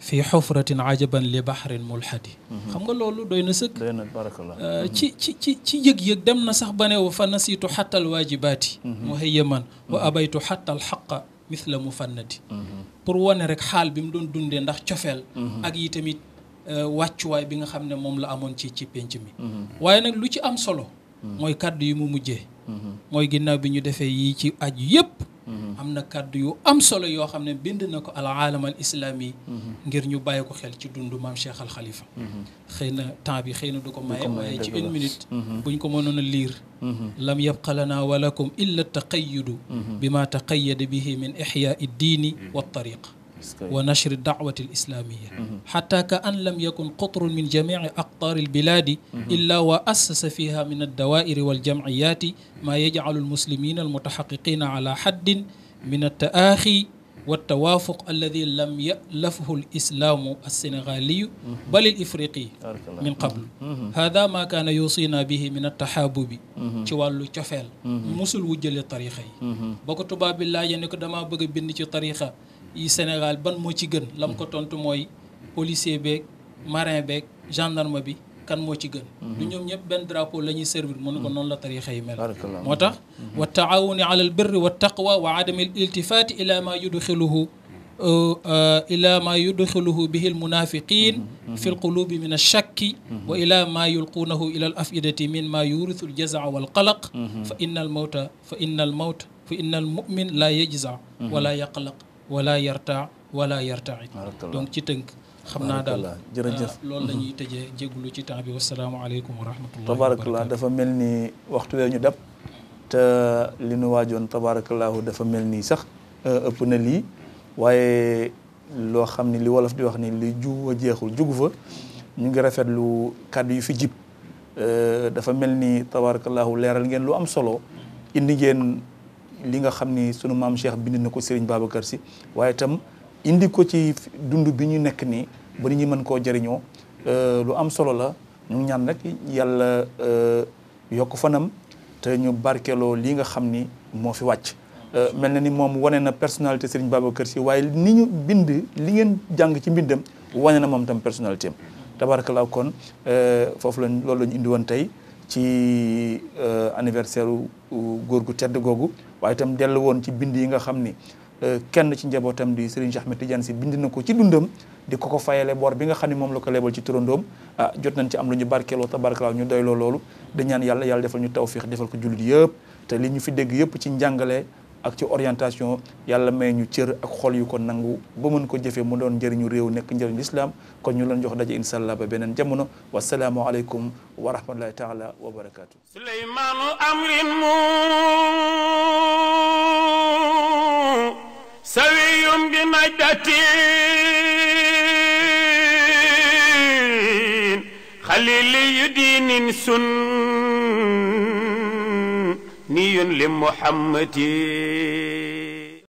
fii xufratin ajaban li baxrin mulxadi xam nga loolu doy na sëkk doy na barakallah ci ci ci ci yëg-yëg dem na sax ba ne wa fa nasiitu xatta alwaajibaati muhayaman wa abaytu xatta alxaqa mithla mufannati pour wane rek xaal bi mu doon dundee ndax cofeel ak yi tamit wàccuwaay bi nga xam ne moom la amoon ci ci pénc mi waaye nag lu ci am solo mooy kàddu yi mu mujjee mooy ginnaaw bi ñu defee yi ci aj yépp am na kàddu yu am solo yoo xam ne bind na ko al aalam al islami ngir ñu bàyyi ko xel ci dund maam Cheikh Al Khalifa. xëy na temps bi xëy na du ko maye waaye ci une minute. Mm-hmm. buñ ko mënoon a liir. Mm-hmm. lam yabqa lana wa lakum illa taqayyudu. Mm-hmm. bima taqayyada bihi min ixyaa iddiini wa tariqa. wa nashri daawati alislaamiya xataa mm-hmm. ka an lam yakun qutrun min jamici aqtaari albilaadi mm-hmm. illa wa assasa fiha min aldawaairi waljamciyaati maa yajcalu almuslimina almutaxaqiqina ala xaddin min altaaxi والتوافق الذي لم يألفه الإسلام السنغالي بل الإفريقي من قبل هذا ما كان يوصينا به من التحابب ci wàllu cofeel mm-hmm. musul wujjale tarixa yi boo ko tubaab bi laajee ne ko damaa bëgg a bind ci tarixa yi Sénégal ban moo ci gën lam ko tontu mooy policier beeg marin beeg gendarme bi kan moo ci gën mhm. du ñoom ñëpp benn drapeau la ñuy servir mu ne ko mhm. noonu la tarixa yi mel moo tax wa taawuni ala al birri wa taqwa wa adami al iltifaati ila ma yudxiluhu uh, uh, ila ma yudxiluhu bihi al munafiqin mhm. fi al qulubi min al shakki wa ila ma yulquunahu ila al afidati min ma yurithu al jazaa wal qalaq fa inna al mawta fa inna al mawta fa inna al mumin la yajza wala yaqlaq wala yarta wala yarta donc ci tënk xam naa daal jërëjëf euh, loolu la ñuy tëjee jéglu ci temps bi wasalaamaaleykum wa rahmatullah tabarakallah dafa mel ni waxtu wee ñu dab te li nu waajoon tabarakallahu dafa mel nii sax euh, ëpp na lii waaye loo xam ni li wolof di wax ni li juwa jeexul jugu ñu ngi rafet lu kàddu yu fi jib euh, dafa mel ni tabarakallahu leeral ngeen lu am solo indi li nga xam ni sunu maam Cheikh bind na ko Serigne Babacar Sy waaye tam indi ko ci dund bi ñu nekk nii ba nit ñi mën koo jëriñoo euh, lu am solo la ñu ñaan rek yàlla euh, yokk fanam te ñu barkeloo li nga xam ni moo fi wàcc. Euh, mel na ni moom wane na personnalité Serigne kër si waaye ni ñu bind li ngeen jàng ci mbindam wane na moom tam personnalité te tabarakalaa kon foofu lañ loolu ñu indi woon tey ci anniversaire góor gu tedd googu. waaye tam dellu woon ci bind yi nga xam ni euh, kenn ci njabootam di Serigne Cheikh Ahmed Tidiane si bind na ko ci dundam di ko ko fayale bor bi nga xam ne moom la ko lebal ci turandoom ah jot nañ ci am lu ñu barke tabarkalaaw ñu doyloo loolu di ñaan yàlla yàlla defal ñu tawfiix defal ko jullit yëpp te li ñu fi dégg yëpp ci njàngale ak ci orientation yàlla may ñu cër ak xol yu ko nangu ba mën ko jëfee mu doon njëriñu réew nekk njëriñu lislaam kon ñu leen jox daje incha ba beneen jamono wasalaamu aleykum wa rahmatullahi taala wa barakaatu suleymaanu amrin mu sawiyum bi najdatin xalili yu diinin ني لمحمد